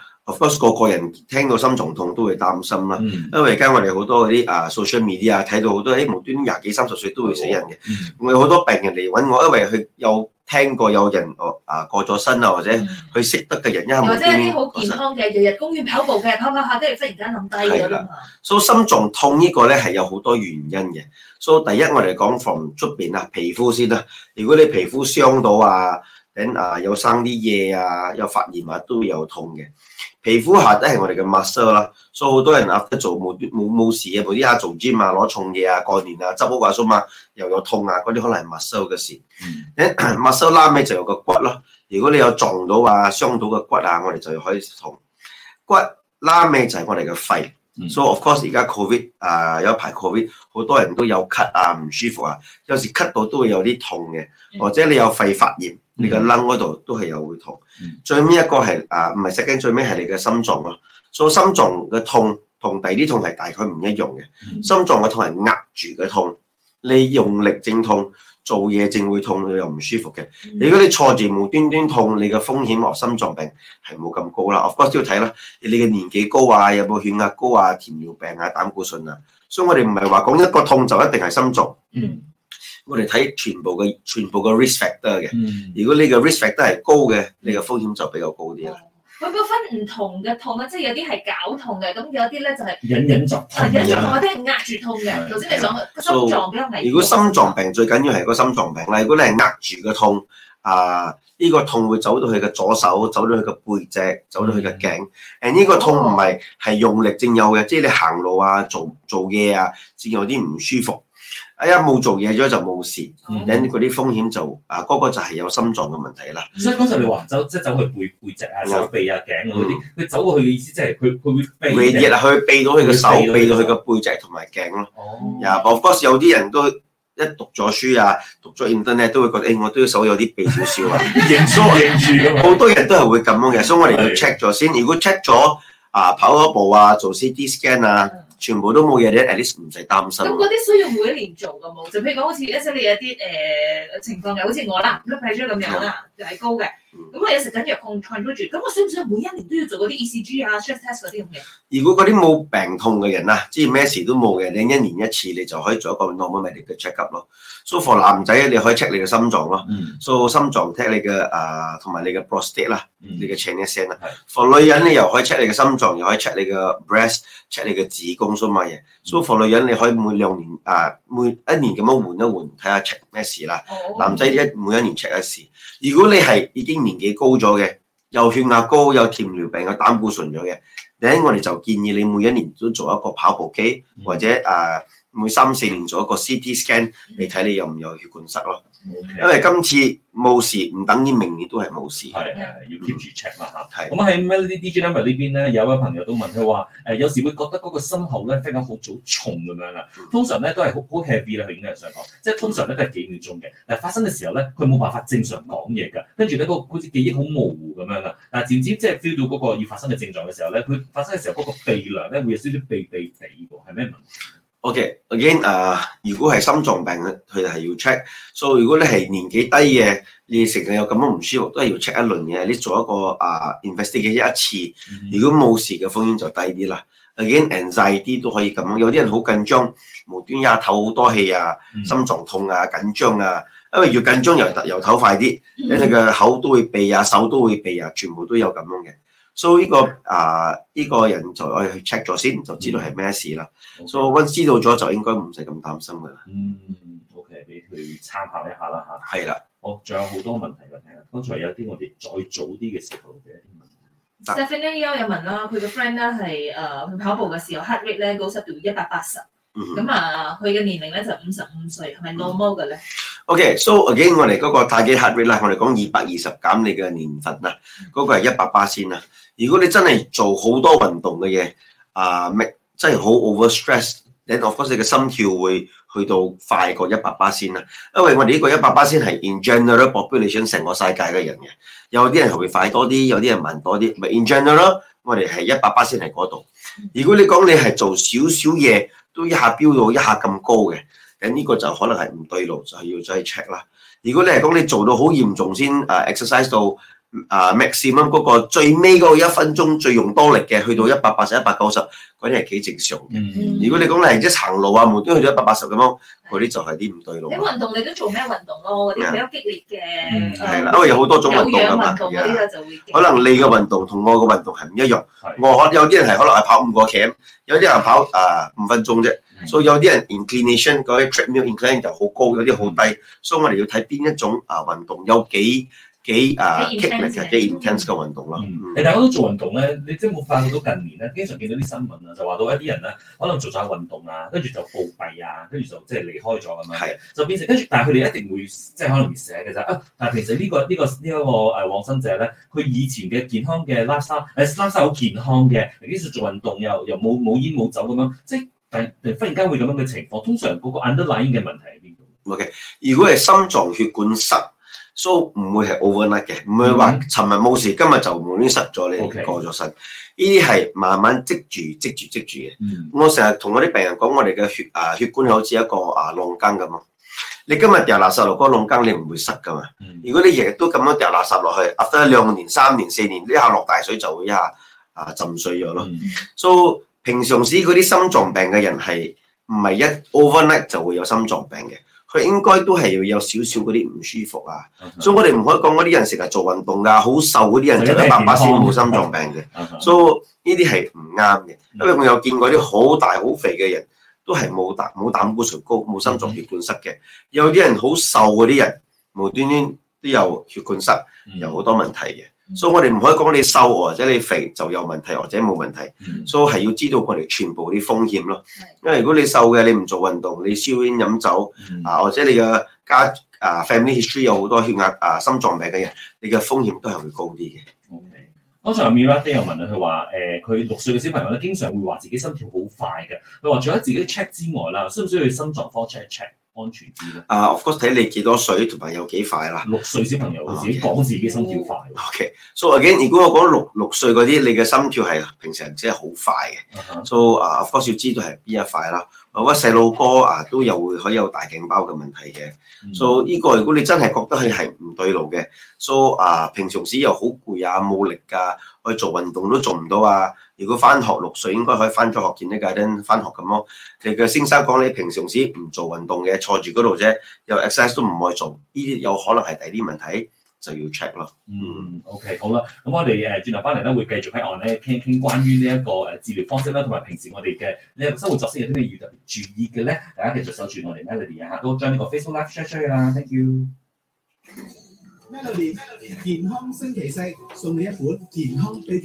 個個人聽到心臟痛都會擔心啦，mm. 因為而家我哋好多嗰啲啊 social media 睇到好多，誒、欸、無端廿幾三十歲都會死人嘅，咁、mm. 有好多病人嚟揾我，因為佢有聽過有人啊過咗身啊，或者佢識得嘅人一、mm. 或者係啲好健康嘅，日日公園跑步嘅，下即係忽然間諗低咗。所以心臟痛呢個咧係有好多原因嘅。所以第一我哋講防出邊啊皮膚先啦，如果你皮膚傷到啊，等啊有生啲嘢啊，有發炎啊，都有痛嘅。皮膚下底係我哋嘅肌肉啦，所以好多人啊，做冇冇冇事啊，嗰啲下做 gym 啊，攞重嘢啊，過年啊，執屋話蘇嘛，又有痛啊，嗰啲可能係肌肉嘅事。誒、嗯，肌肉拉尾就有個骨咯，如果你有撞到啊，傷到個骨啊，我哋就可以痛。骨拉尾就係我哋嘅肺。所以、so、of course 而家 covid 啊、呃、有排 covid 好多人都有咳啊，唔舒服啊，有時咳到都會有啲痛嘅，或者你有肺發炎，mm hmm. 你嘅 lung 嗰度都係有會痛。最尾一個係啊，唔係食驚，最尾係你嘅心臟咯。所、so, 以心臟嘅痛同第二啲痛係大概唔一樣嘅。Mm hmm. 心臟嘅痛係壓住嘅痛，你用力正痛。做嘢正會痛，又唔舒服嘅。嗯，如果你坐住無端端痛，你個風險或心臟病係冇咁高啦。我都需要睇啦。你嘅年紀高啊，有冇血壓高啊，糖尿病啊，膽固醇啊，所以我哋唔係話講一個痛就一定係心臟。嗯，我哋睇全部嘅全部嘅 risk factor 嘅。嗯，如果呢個 risk factor 係高嘅，你嘅風險就比較高啲啦。佢個分唔同嘅痛啦，即係有啲係絞痛嘅，咁有啲咧就係隱隱作痛。係隱隱，我聽壓住痛嘅。頭先你講的心臟比較如，如果心臟病最緊要係個心臟病啦，如果你係壓住個痛，啊、呢、呢個痛會走到佢嘅左手，走到佢嘅背脊，走到佢嘅頸。誒、呢、嗯、個痛唔係係用力正有嘅，即係你行路啊，做做嘢啊，先有啲唔舒服。哎呀，冇做嘢咗就冇事，引嗰啲風險就啊，嗰個就係有心臟嘅問題啦。所以嗰陣你話走，即係走去背背脊啊、手臂啊、頸嗰啲，佢走過去嘅意思即係佢佢會背熱日去背到佢嘅手，背到佢嘅背脊同埋頸咯。哦，嗰時有啲人都一讀咗書啊，讀咗英文咧，都會覺得，哎，我都手有啲痹少少啊，認疏住。好多人都係會咁嘅，所以我哋要 check 咗先。如果 check 咗啊，跑咗步啊，做 CT scan 啊。全部都冇嘢嘅，Alice 唔使擔心。咁嗰啲需要每一年做嘅，冇，就譬如講好似 Alice 你有啲誒情況，嘅，好似、呃、我啦，碌費豬咁樣，啦的，就係高嘅。咁我有食緊藥控制住，咁我需唔需要每一年都要做嗰啲 E.C.G 啊、check test 嗰啲咁嘅？如果嗰啲冇病痛嘅人啊，即係咩事都冇嘅，你一年一次你就可以做一個 normal medical check up 咯。So for 男仔，你可以 check 你嘅心臟咯、嗯，so 心臟 check 你嘅啊，同、呃、埋你嘅 prostate 啦、嗯，你嘅 check 一聲啦。For 女人，你又可以 check 你嘅心臟，又可以 check 你嘅 breast，check 你嘅子宮，所以乜嘢？So for 女人，你可以每兩年啊、呃，每一年咁樣換一換，睇下 check 咩事啦。男仔一每一年 check 一次，如果你係已經，年紀高咗嘅，又血壓高，又糖尿病，又膽固醇咗嘅，第一我哋就建議你每一年都做一個跑步機或者誒。Uh, 每三四年做一個 CT scan，你睇你有唔有血管塞咯。嗯、因為今次冇事，唔等於明年都係冇事。係係要 keep 住 check 嘛嚇。咁喺 Melody DJ Number 呢邊咧，有一位朋友都問佢話：誒、呃，有時會覺得嗰個心口咧 feel 好早重咁樣啦。通常咧都係好好 heavy 咧，佢應該係想講，即係通常咧都係幾秒鐘嘅。嗱，發生嘅時候咧，佢冇辦法正常講嘢㗎，跟住咧個好似記憶好模糊咁樣啦。嗱，漸知，即係 feel 到嗰個要發生嘅症狀嘅時候咧，佢發生嘅時候嗰個鼻梁咧會有少少鼻鼻鼻噃，係咩問題？OK, again 啊，如果係心臟病咧，佢哋係要 check。所、so, 以如果你係年紀低嘅，你成日有咁樣唔舒服，都係要 check 一輪嘅。你做一個啊、uh, investigate 一次，如果冇事嘅風險就低啲啦。and 細啲都可以咁，有啲人好緊張，無端丫透好多氣啊，心臟痛啊，緊張啊，因為越緊張又突又唞快啲，mm hmm. 你嘅口都會痹啊，手都會痹啊，全部都有咁樣嘅。所以呢個啊，呢、uh, 個人就我哋去 check 咗先，就知道係咩事啦。所以我覺得知道咗就應該唔使咁擔心嘅。嗯，OK，你去參考一下啦吓，係啦的，我仲、哦、有好多問題問你。剛才有啲我哋再早啲嘅時候嘅一啲問題。Stephany 問啦，佢嘅 friend 咧係誒佢跑步嘅時候 heart rate 咧高咗到一百八十，咁啊佢嘅年齡咧就五十五歲，係咪 normal 嘅咧、嗯？O.K.，so、okay, again 我嚟嗰個 target heart rate 啦，我嚟講二百二十減你嘅年份啦，嗰、那個係一百八先啦。如果你真係做好多運動嘅嘢，啊、呃，真係好 over stress，你 of course 嘅心跳會去到快過一百八先啦。因為我哋呢個一百八先係 in general population 成個世界嘅人嘅，有啲人會快多啲，有啲人慢多啲，咪 in general，我哋係一百八先係嗰度。如果你講你係做少少嘢，都一下飆到一下咁高嘅。咁呢個就可能係唔對路，就係要再 check 啦。如果你係講你做到好嚴重先，誒 exercise 到。啊，max 蚊嗰個最尾嗰個一分鐘最用多力嘅，去到一百八十一百九十嗰啲係幾正常嘅。如果你講嚟，即行路啊，冇都去到一百八十咁樣，嗰啲就係啲唔對路。咁運動你都做咩運動咯？嗰啲比較激烈嘅，係啦，因為有好多種運動啊嘛。就可能你嘅運動同我嘅運動係唔一樣。我有啲人係可能係跑五個 cam，有啲人跑啊五分鐘啫。所以有啲人 inclination 啲 track inclination 就好高，有啲好低。所以我哋要睇邊一種啊運動有幾。幾誒激烈嘅，幾 intense 嘅運動啦。嗯。大家都做運動咧，你即係冇發覺到近年咧，經常見到啲新聞啊，就話到一啲人咧，可能做晒運動啊，跟住就暴斃啊，跟住就即係離開咗咁樣。係。是的 就變成跟住，但係佢哋一定會即係可能會寫嘅啫。啊，但係其實呢個呢個呢一個誒往生者咧，佢以前嘅健康嘅垃圾誒垃圾好健康嘅，於是做運動又又冇冇煙冇酒咁樣，即係突然間會咁樣嘅情況，通常嗰個 underlying 嘅問題係邊度？O K，如果係心臟血管塞。所以唔會係 overnight 嘅，唔會話尋日冇事，今日就冇端塞咗你 Okay. 過咗身。呢啲係慢慢積住、積住、積住嘅。Mm hmm. 我成日同我啲病人講，我哋嘅血啊血管好似一個啊浪江咁啊。你今日掉垃圾落嗰個浪江，你唔會塞噶嘛。Mm hmm. 如果你日日都咁樣掉垃圾落去，壓得兩年、三年、四年，一下落大水就會一下啊浸碎咗咯。所以、mm hmm. so, 平常時嗰啲心臟病嘅人係唔係一 overnight 就會有心臟病嘅。佢應該都係要有少少嗰啲唔舒服啊，Okay. 所以我哋唔可以講嗰啲人成日做運動㗎，好瘦嗰啲人就得百八先冇心臟病嘅，所以呢啲係唔啱嘅，Okay. 因為我有見過啲好大好肥嘅人，都係冇膽冇膽固醇高，冇心臟血管塞嘅，Okay. 有啲人好瘦嗰啲人，無端端都有血管塞，有好多問題嘅。Okay. 嗯。所以我哋唔可以講你瘦或者你肥就有問題，或者冇問題。所以係要知道佢哋全部啲風險咯。因為如果你瘦嘅，你唔做運動，你燒煙飲酒啊，或者你嘅家啊 family history 有好多血壓啊心臟病嘅人，你嘅風險都係會高啲嘅。OK，通常 Mira Day 又問佢話，誒佢六歲嘅小朋友咧，經常會話自己心跳好快嘅。佢話除咗自己 check 之外啦，需唔需要心臟科 check check？安全啲咯。啊、uh，of course，睇你幾多歲同埋有幾快啦。六歲小朋友，會自己講自己心跳快。O K，so again，如果我講六六歲嗰啲，你嘅心跳係平常即係好快嘅。Uh huh. So 啊，of course 知道係邊一塊啦？我細路哥啊，都又會可以有大頸包嘅問題嘅，所以依個如果你真係覺得佢係唔對路嘅，所、so，以啊平常時，時又好攰啊冇力㗎、啊，去做運動都做唔到啊。如果翻學六歲應該可以翻咗學見啲架㗎，翻學咁咯。你嘅先生講你平常時唔做運動嘅，坐住嗰度啫，有 exercise 都唔愛做，呢啲有可能係第啲問題。就要 check 咯。嗯，OK，好啦，咁我哋誒轉頭返嚟咧，會繼續喺岸咧傾傾關於呢一個誒治療方式啦，同埋平時我哋嘅呢個生活作息有啲咩要特別注意嘅咧。大家繼續守住我哋 Melody 嘅客，都將呢個 Facebook Live share 出去啦。Thank you。Melody，Mel 健康星期四送你一款健康杯。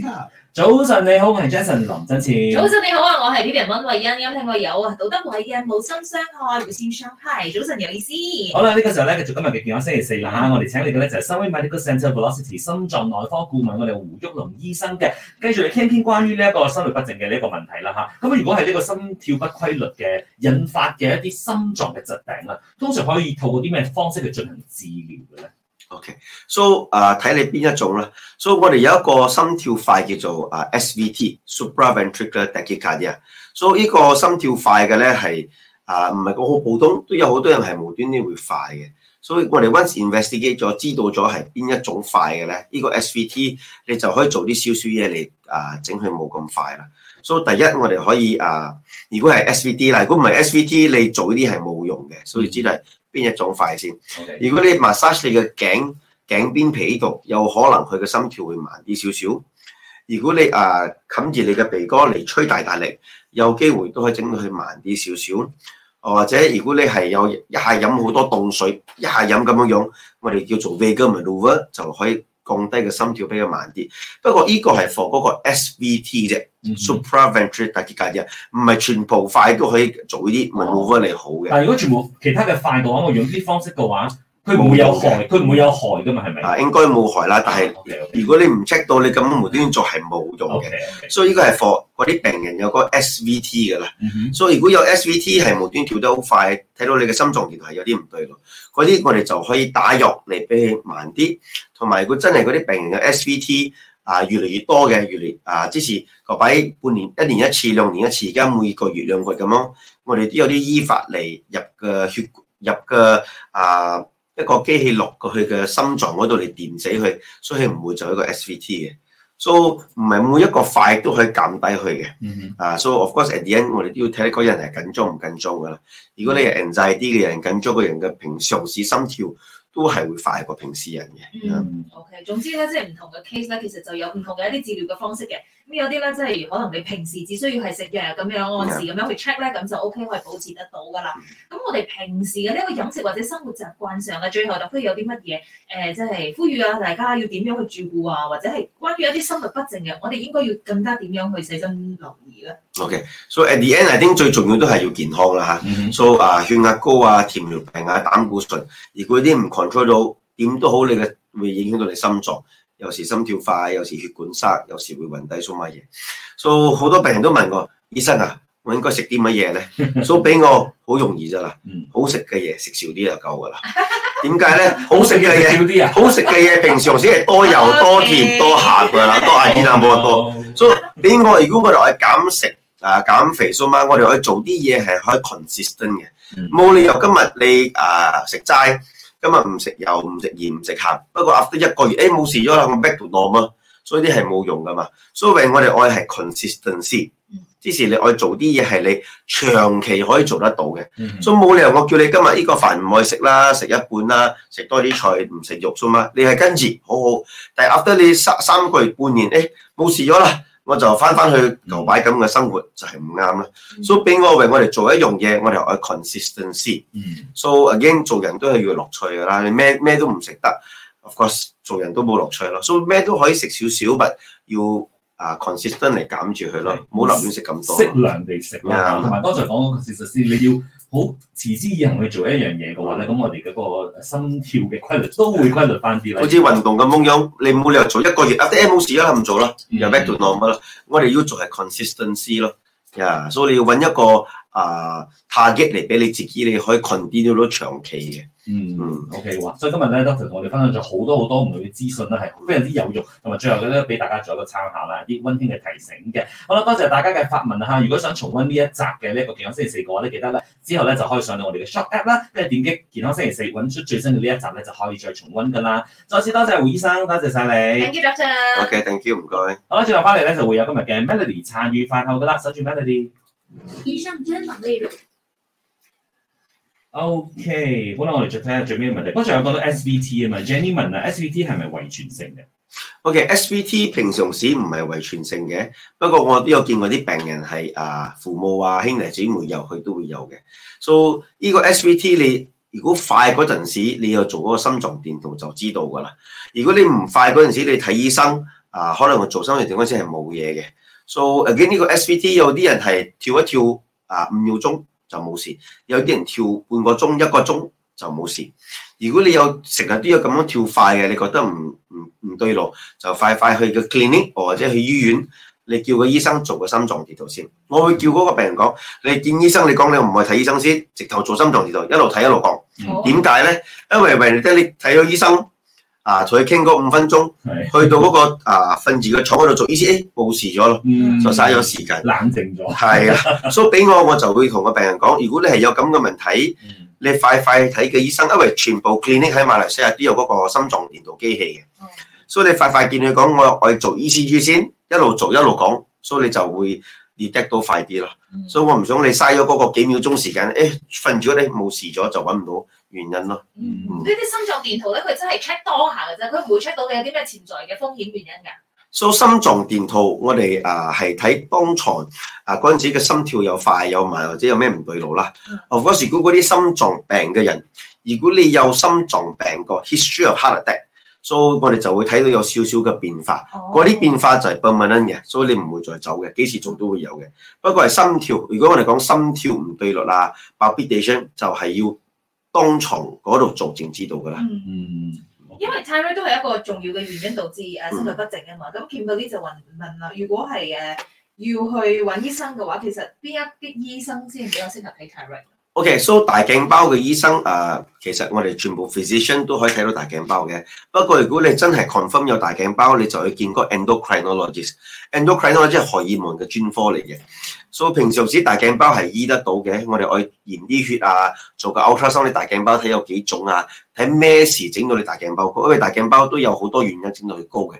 早晨你，你好，我係 Jason 林振超。早晨你好啊，我係 Peter 温慧欣。咁聽我有啊，道德為嘅，無心傷害，無線傷害。早晨有意思。好啦，呢個時候咧，繼續今日嘅健康星期四啦吓。我哋請嚟嘅咧就係 Swedish Medical Center Velocity 心臟內科顧問我哋胡旭龍醫生嘅，繼續嚟傾一傾關於呢一個心律不正嘅呢一個問題啦吓。咁如果係呢個心跳不規律嘅引發嘅一啲心臟嘅疾病啦，通常可以透過啲咩方式去進行治療嘅咧？OK，so，誒，睇、okay. so, uh, 你邊一種啦。所、so, 以我哋有一個心跳快，叫做誒、uh, SVT，supraventricular tachycardia。所以呢個心跳快嘅咧係誒唔係個好普通，都有好多人係無端端會快嘅。所、so, 以我哋 once investigate 咗，知道咗係邊一種快嘅咧，呢、這個 SVT 你就可以做啲少少嘢嚟誒整佢冇咁快啦、so, uh,。所以第一我哋可以誒，如果係 SVT 啦，如果唔係 SVT，你做呢啲係冇用嘅。所以知道。邊一種快先？Okay. 如果你 massage 你嘅頸頸邊皮度，有可能佢嘅心跳會慢啲少少。如果你啊冚住你嘅鼻哥嚟吹大大力，有機會都可以整到佢慢啲少少。或者如果你係有一下飲好多凍水，一下飲咁樣樣，我哋叫做 vagal maneuver 就可以，降低嘅心跳比較慢啲，不過呢個係 for 嗰個 SVT 啫 supraventricular 大結界，啊、嗯哼，唔係全部快都可以做呢啲，冇、嗯、會幫好嘅。但係如果全部其他嘅快嘅話，我用呢啲方式嘅話。 佢冇有，有害，佢唔會有害㗎嘛，係咪？嗱，應該冇害啦，但係如果你唔 check 到，你咁無端端做係冇用嘅。所以依個係貨，嗰啲病人有個 SVT 㗎啦。所以、mm hmm. so, 如果有 SVT 係無端跳得好快，睇到你嘅心臟原來係有啲唔對，嗰啲我哋就可以打藥嚟俾佢慢啲。同埋佢真係嗰啲病人嘅 SVT 啊，越嚟越多嘅，越嚟啊，之前個擺半年，一年一次，兩年一次，而家每個月兩個月咁咯。我哋都有啲醫法嚟入嘅血入嘅啊。一個機器落過去嘅心臟嗰度你電死佢，所以佢唔會做一個 SVT 嘅，所以唔係每一個快都可以減低去嘅，啊，所以 of course at the end 我哋都要睇一個人係緊張唔緊張噶啦，如果你係 enzy 啲嘅人，緊張嘅人嘅平常時心跳都係會快過平時人嘅、mm。Hmm. 嗯，OK，總之咧即係唔同嘅 case 咧，其實就有唔同嘅一啲治療嘅方式嘅。咁有啲咧，即係可能你平時只需要係食藥咁樣，按時咁、嗯、樣去 check 咧，咁就 OK 可以保持得到噶啦。咁、嗯、我哋平時嘅呢、這個飲食或者生活習慣上咧，最後就有啲乜嘢？誒、呃，即、就、係、是、呼籲啊，大家要點樣去照顧啊，或者係關於一啲心律不正嘅，我哋應該要更加點樣去細心留意咧、啊。OK，所、so、以 the ending 最重要都係要健康啦嚇。所啊、嗯，so, uh, 血壓高啊、糖尿病啊、膽固醇，而嗰啲唔 control 控制到，點都好你，你嘅會影響到你心臟。有時心跳快，有時血管塞，有時會暈低，做乜嘢？所以好多病人都問我，醫生啊，我應該食啲乜嘢咧？ 所以俾我好容易咋啦？好 食嘅嘢，食少啲就夠噶啦。點解咧？好食嘅嘢，好食嘅嘢，平常先係多油、多甜、多鹹嘅啦，多鹽冇咁多。所以俾我，如果我哋去減食啊、減肥，做乜？我哋可以做啲嘢係可以 consistent 嘅。冇理由今日你啊食齋。今日唔食油，唔食鹽，唔食鹹。不過 after 一個月，誒、欸、冇事咗啦、so 嗯，我逼到攞嘛，所以啲係冇用噶嘛。所以我哋愛係 consistency，即是你愛做啲嘢係你長期可以做得到嘅。嗯、所以冇理由我叫你今日呢個飯唔愛食啦，食一半啦，食多啲菜唔食肉 so 嘛，你係跟住好好。但係 after 你三三個月、半年，誒、欸、冇事咗啦。我就翻翻去牛擺咁嘅生活就係唔啱啦。嗯、so 畀我，為我哋做一樣嘢，我哋學 consistency。嗯。So again，做人都係要樂趣㗎啦。你咩咩都唔食得，of course 做人都冇樂趣咯。所以咩都可以食少少，咪要啊 consistent 嚟減住佢咯。冇諗住亂食咁多，適量地食。係同埋剛才講嘅 consistency，你要。好持之以恒去做一樣嘢嘅話咧，咁我哋嗰個心跳嘅規律都會規律翻啲啦。好似運動咁樣，你唔冇理由做一個月。At the end，而家唔做啦，嗯、又 back to normal 啦。我哋要做係 consistency 咯。呀，所以你要揾一個啊、uh, target 嚟俾你自己，你可以 continue 到到長期嘅。嗯 o k 哇，所以今日咧都同我哋分享咗好多好多唔同嘅資訊咧，係非常之有用，同埋最後嘅咧俾大家做一個參考啦，啲温馨嘅提醒嘅。好啦，多謝大家嘅發問啊！如果想重温呢一集嘅呢個健康星期四嘅話咧，記得咧之後咧就可以上到我哋嘅 s h o p App 啦，跟住點擊健康星期四揾出最新嘅呢一集咧就可以再重温噶啦。再次多謝胡醫生，多謝晒你。Thank you, t h a n k you，唔該。好啦，接落翻嚟咧就會有今日嘅 Melody 參與翻後㗎啦守住 Melody。以上專訪內容。O K，好啦，我哋再睇下最尾嘅問題。我之前有講到 S V T 啊嘛，Jenny 問啊，S V T 係咪遺傳性嘅？O K，S V T 平常時唔係遺傳性嘅，不過我都有見過啲病人係啊父母啊兄弟姊妹有佢都會有嘅。So 呢個 S V T 你如果快嗰陣時，你又做嗰個心臟電圖就知道㗎啦。如果你唔快嗰陣時，你睇醫生啊，可能我做心臟電嗰陣時係冇嘢嘅。So again 呢個 S V T 有啲人係跳一跳啊五秒鐘。就冇事，有啲人跳半個鐘一個鐘就冇事。如果你有成日都有咁樣跳快嘅，你覺得唔唔唔對路，就快快去個 clinic 或者去醫院，你叫個醫生做個心臟電圖先。我會叫嗰個病人講：你見醫生，你講你唔去睇醫生先，直頭做心臟電圖，一路睇一路講。點解咧？因為唔係得你睇咗醫生。啊！在傾嗰五分鐘，的去到嗰、那個啊瞓住個牀嗰度做 E.C.A. 冇事咗咯，哎嗯、就嘥咗時間。冷靜咗，係 啊！所以俾我我就會同個病人講：如果你係有咁嘅問題，嗯、你快快睇嘅醫生。因為全部建 l 喺馬來西亞都有嗰個心臟電導機器嘅，嗯、所以你快快見佢講我我做 E.C.G 先，一路做一路講，所以你就會你 e 到快啲咯。嗯，所以我唔想你嘥咗嗰個幾秒鐘時間，誒瞓住啲，冇事咗就揾唔到。原因咯，呢啲、嗯、心臟電圖咧，佢真係 check 多下嘅啫，佢唔會 check 到你有啲咩潛在嘅風險原因噶。做、so, 心臟電圖，我哋啊係睇當場啊嗰陣時嘅心跳有快有慢或者有咩唔對路啦。哦、嗯，嗰時如果嗰啲心臟病嘅人，如果你有心臟病個 history of heart attack，所以我哋就會睇到有少少嘅變化。嗰啲、哦、變化就係、so, permanent 嘅，所以你唔會再走嘅，幾時做都會有嘅。不過係心跳，如果我哋講心跳唔對率啦 heartbeat 就係、是、要。當從嗰度做漸知道㗎啦、嗯，因為 Thyroid 都係一個重要嘅原因導致誒心律不整啊嘛。咁 k、嗯、到啲就問問啦，如果係誒要去揾醫生嘅話，其實邊一啲醫生先比較適合睇 Thyroid？O.K.，所、so、以大鏡包嘅醫生，誒、uh，其實我哋全部 physician 都可以睇到大鏡包嘅。不過如果你真係 confirm 有大鏡包，你就去見個 endocrinologist。endocrinologist 係荷爾蒙嘅專科嚟嘅。所、so, 以平常時大鏡包係醫得到嘅，我哋可以驗啲血啊，做個 ultrasound 你大鏡包睇有幾腫啊，睇咩事整到你大鏡包，因為大鏡包都有好多原因整到佢高嘅，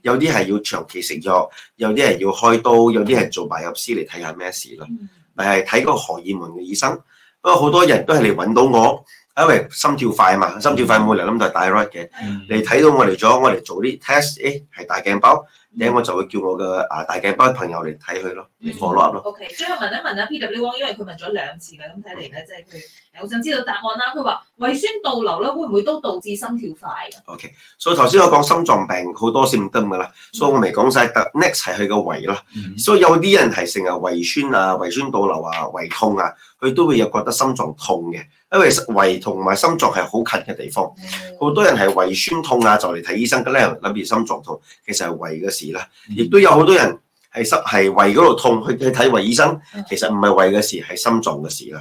有啲係要長期食藥，有啲係要開刀，有啲係做埋入輸嚟睇下咩事咯。咪係睇個荷爾蒙嘅醫生。因為好多人都係嚟揾到我，因為心跳快啊嘛，心跳快冇嚟諗就係大 right 嘅。嚟睇的到我嚟咗、欸，我嚟做啲 test，誒係大鏡包，咁我就會叫我嘅啊大鏡包朋友嚟睇佢咯，你放落去咯。O K，最後問一問啊，P W，因為佢問咗兩次啦，咁睇嚟咧，即係佢係好想知道答案啦。佢話胃酸倒流咧，會唔會都導致心跳快？O、okay, K，所以頭先我講心臟病好多線都唔㗎啦，所以我未講晒 next 係佢個胃咯。嗯、所以有啲人係成日胃酸啊、胃酸倒流啊、胃痛啊。佢都會有覺得心臟痛嘅，因為胃同埋心臟係好近嘅地方，好多人係胃酸痛啊，就嚟睇醫生嘅咧，諗住心臟痛，其實係胃嘅事啦。亦都有好多人係塞係胃嗰度痛，去去睇胃醫生，其實唔係胃嘅事，係心臟嘅事啦。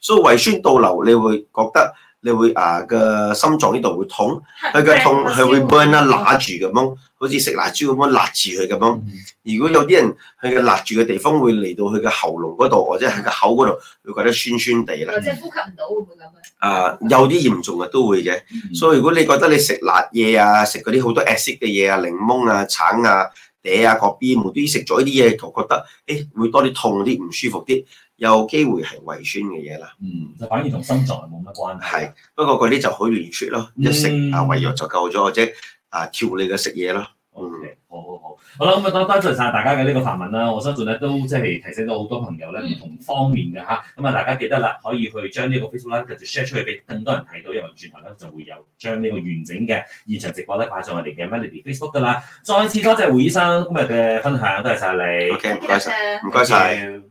所以、嗯 so，胃酸倒流，你會覺得。你會啊個心臟呢度會痛，佢嘅痛係 會 burn 啦，辣住咁樣，好似食辣椒咁樣辣住佢咁樣。如果有啲人，佢嘅辣住嘅地方會嚟到佢嘅喉嚨嗰度，或者喺個口嗰度，會覺得酸酸地啦。即呼吸唔到會唔會咁啊？有啲嚴重嘅都會嘅。 所以如果你覺得你食辣嘢啊，食嗰啲好多 acid 嘅嘢啊，檸檬啊、橙啊、嗲啊、個 B、無端端食咗呢啲嘢，就覺得誒、欸、會多啲痛啲，唔舒服啲。有機會係胃酸嘅嘢啦，嗯，就反而同心臟啊冇乜關係。係，不過嗰啲就好容易出咯，一食啊胃藥就夠咗，或者啊調理嘅食嘢啦。OK，好好好，好啦，咁啊多多謝晒大家嘅呢個發問啦，我相信咧都即係提醒到好多朋友咧唔同方面嘅嚇，咁啊大家記得啦，可以去將呢個 Facebook 咧直接 share 出去俾更多人睇到，因為轉頭咧就會有將呢個完整嘅現場直播咧擺上我哋嘅 Melody Facebook 噶啦。再次多謝胡醫生今日嘅分享，多謝晒你，唔該曬，唔該晒。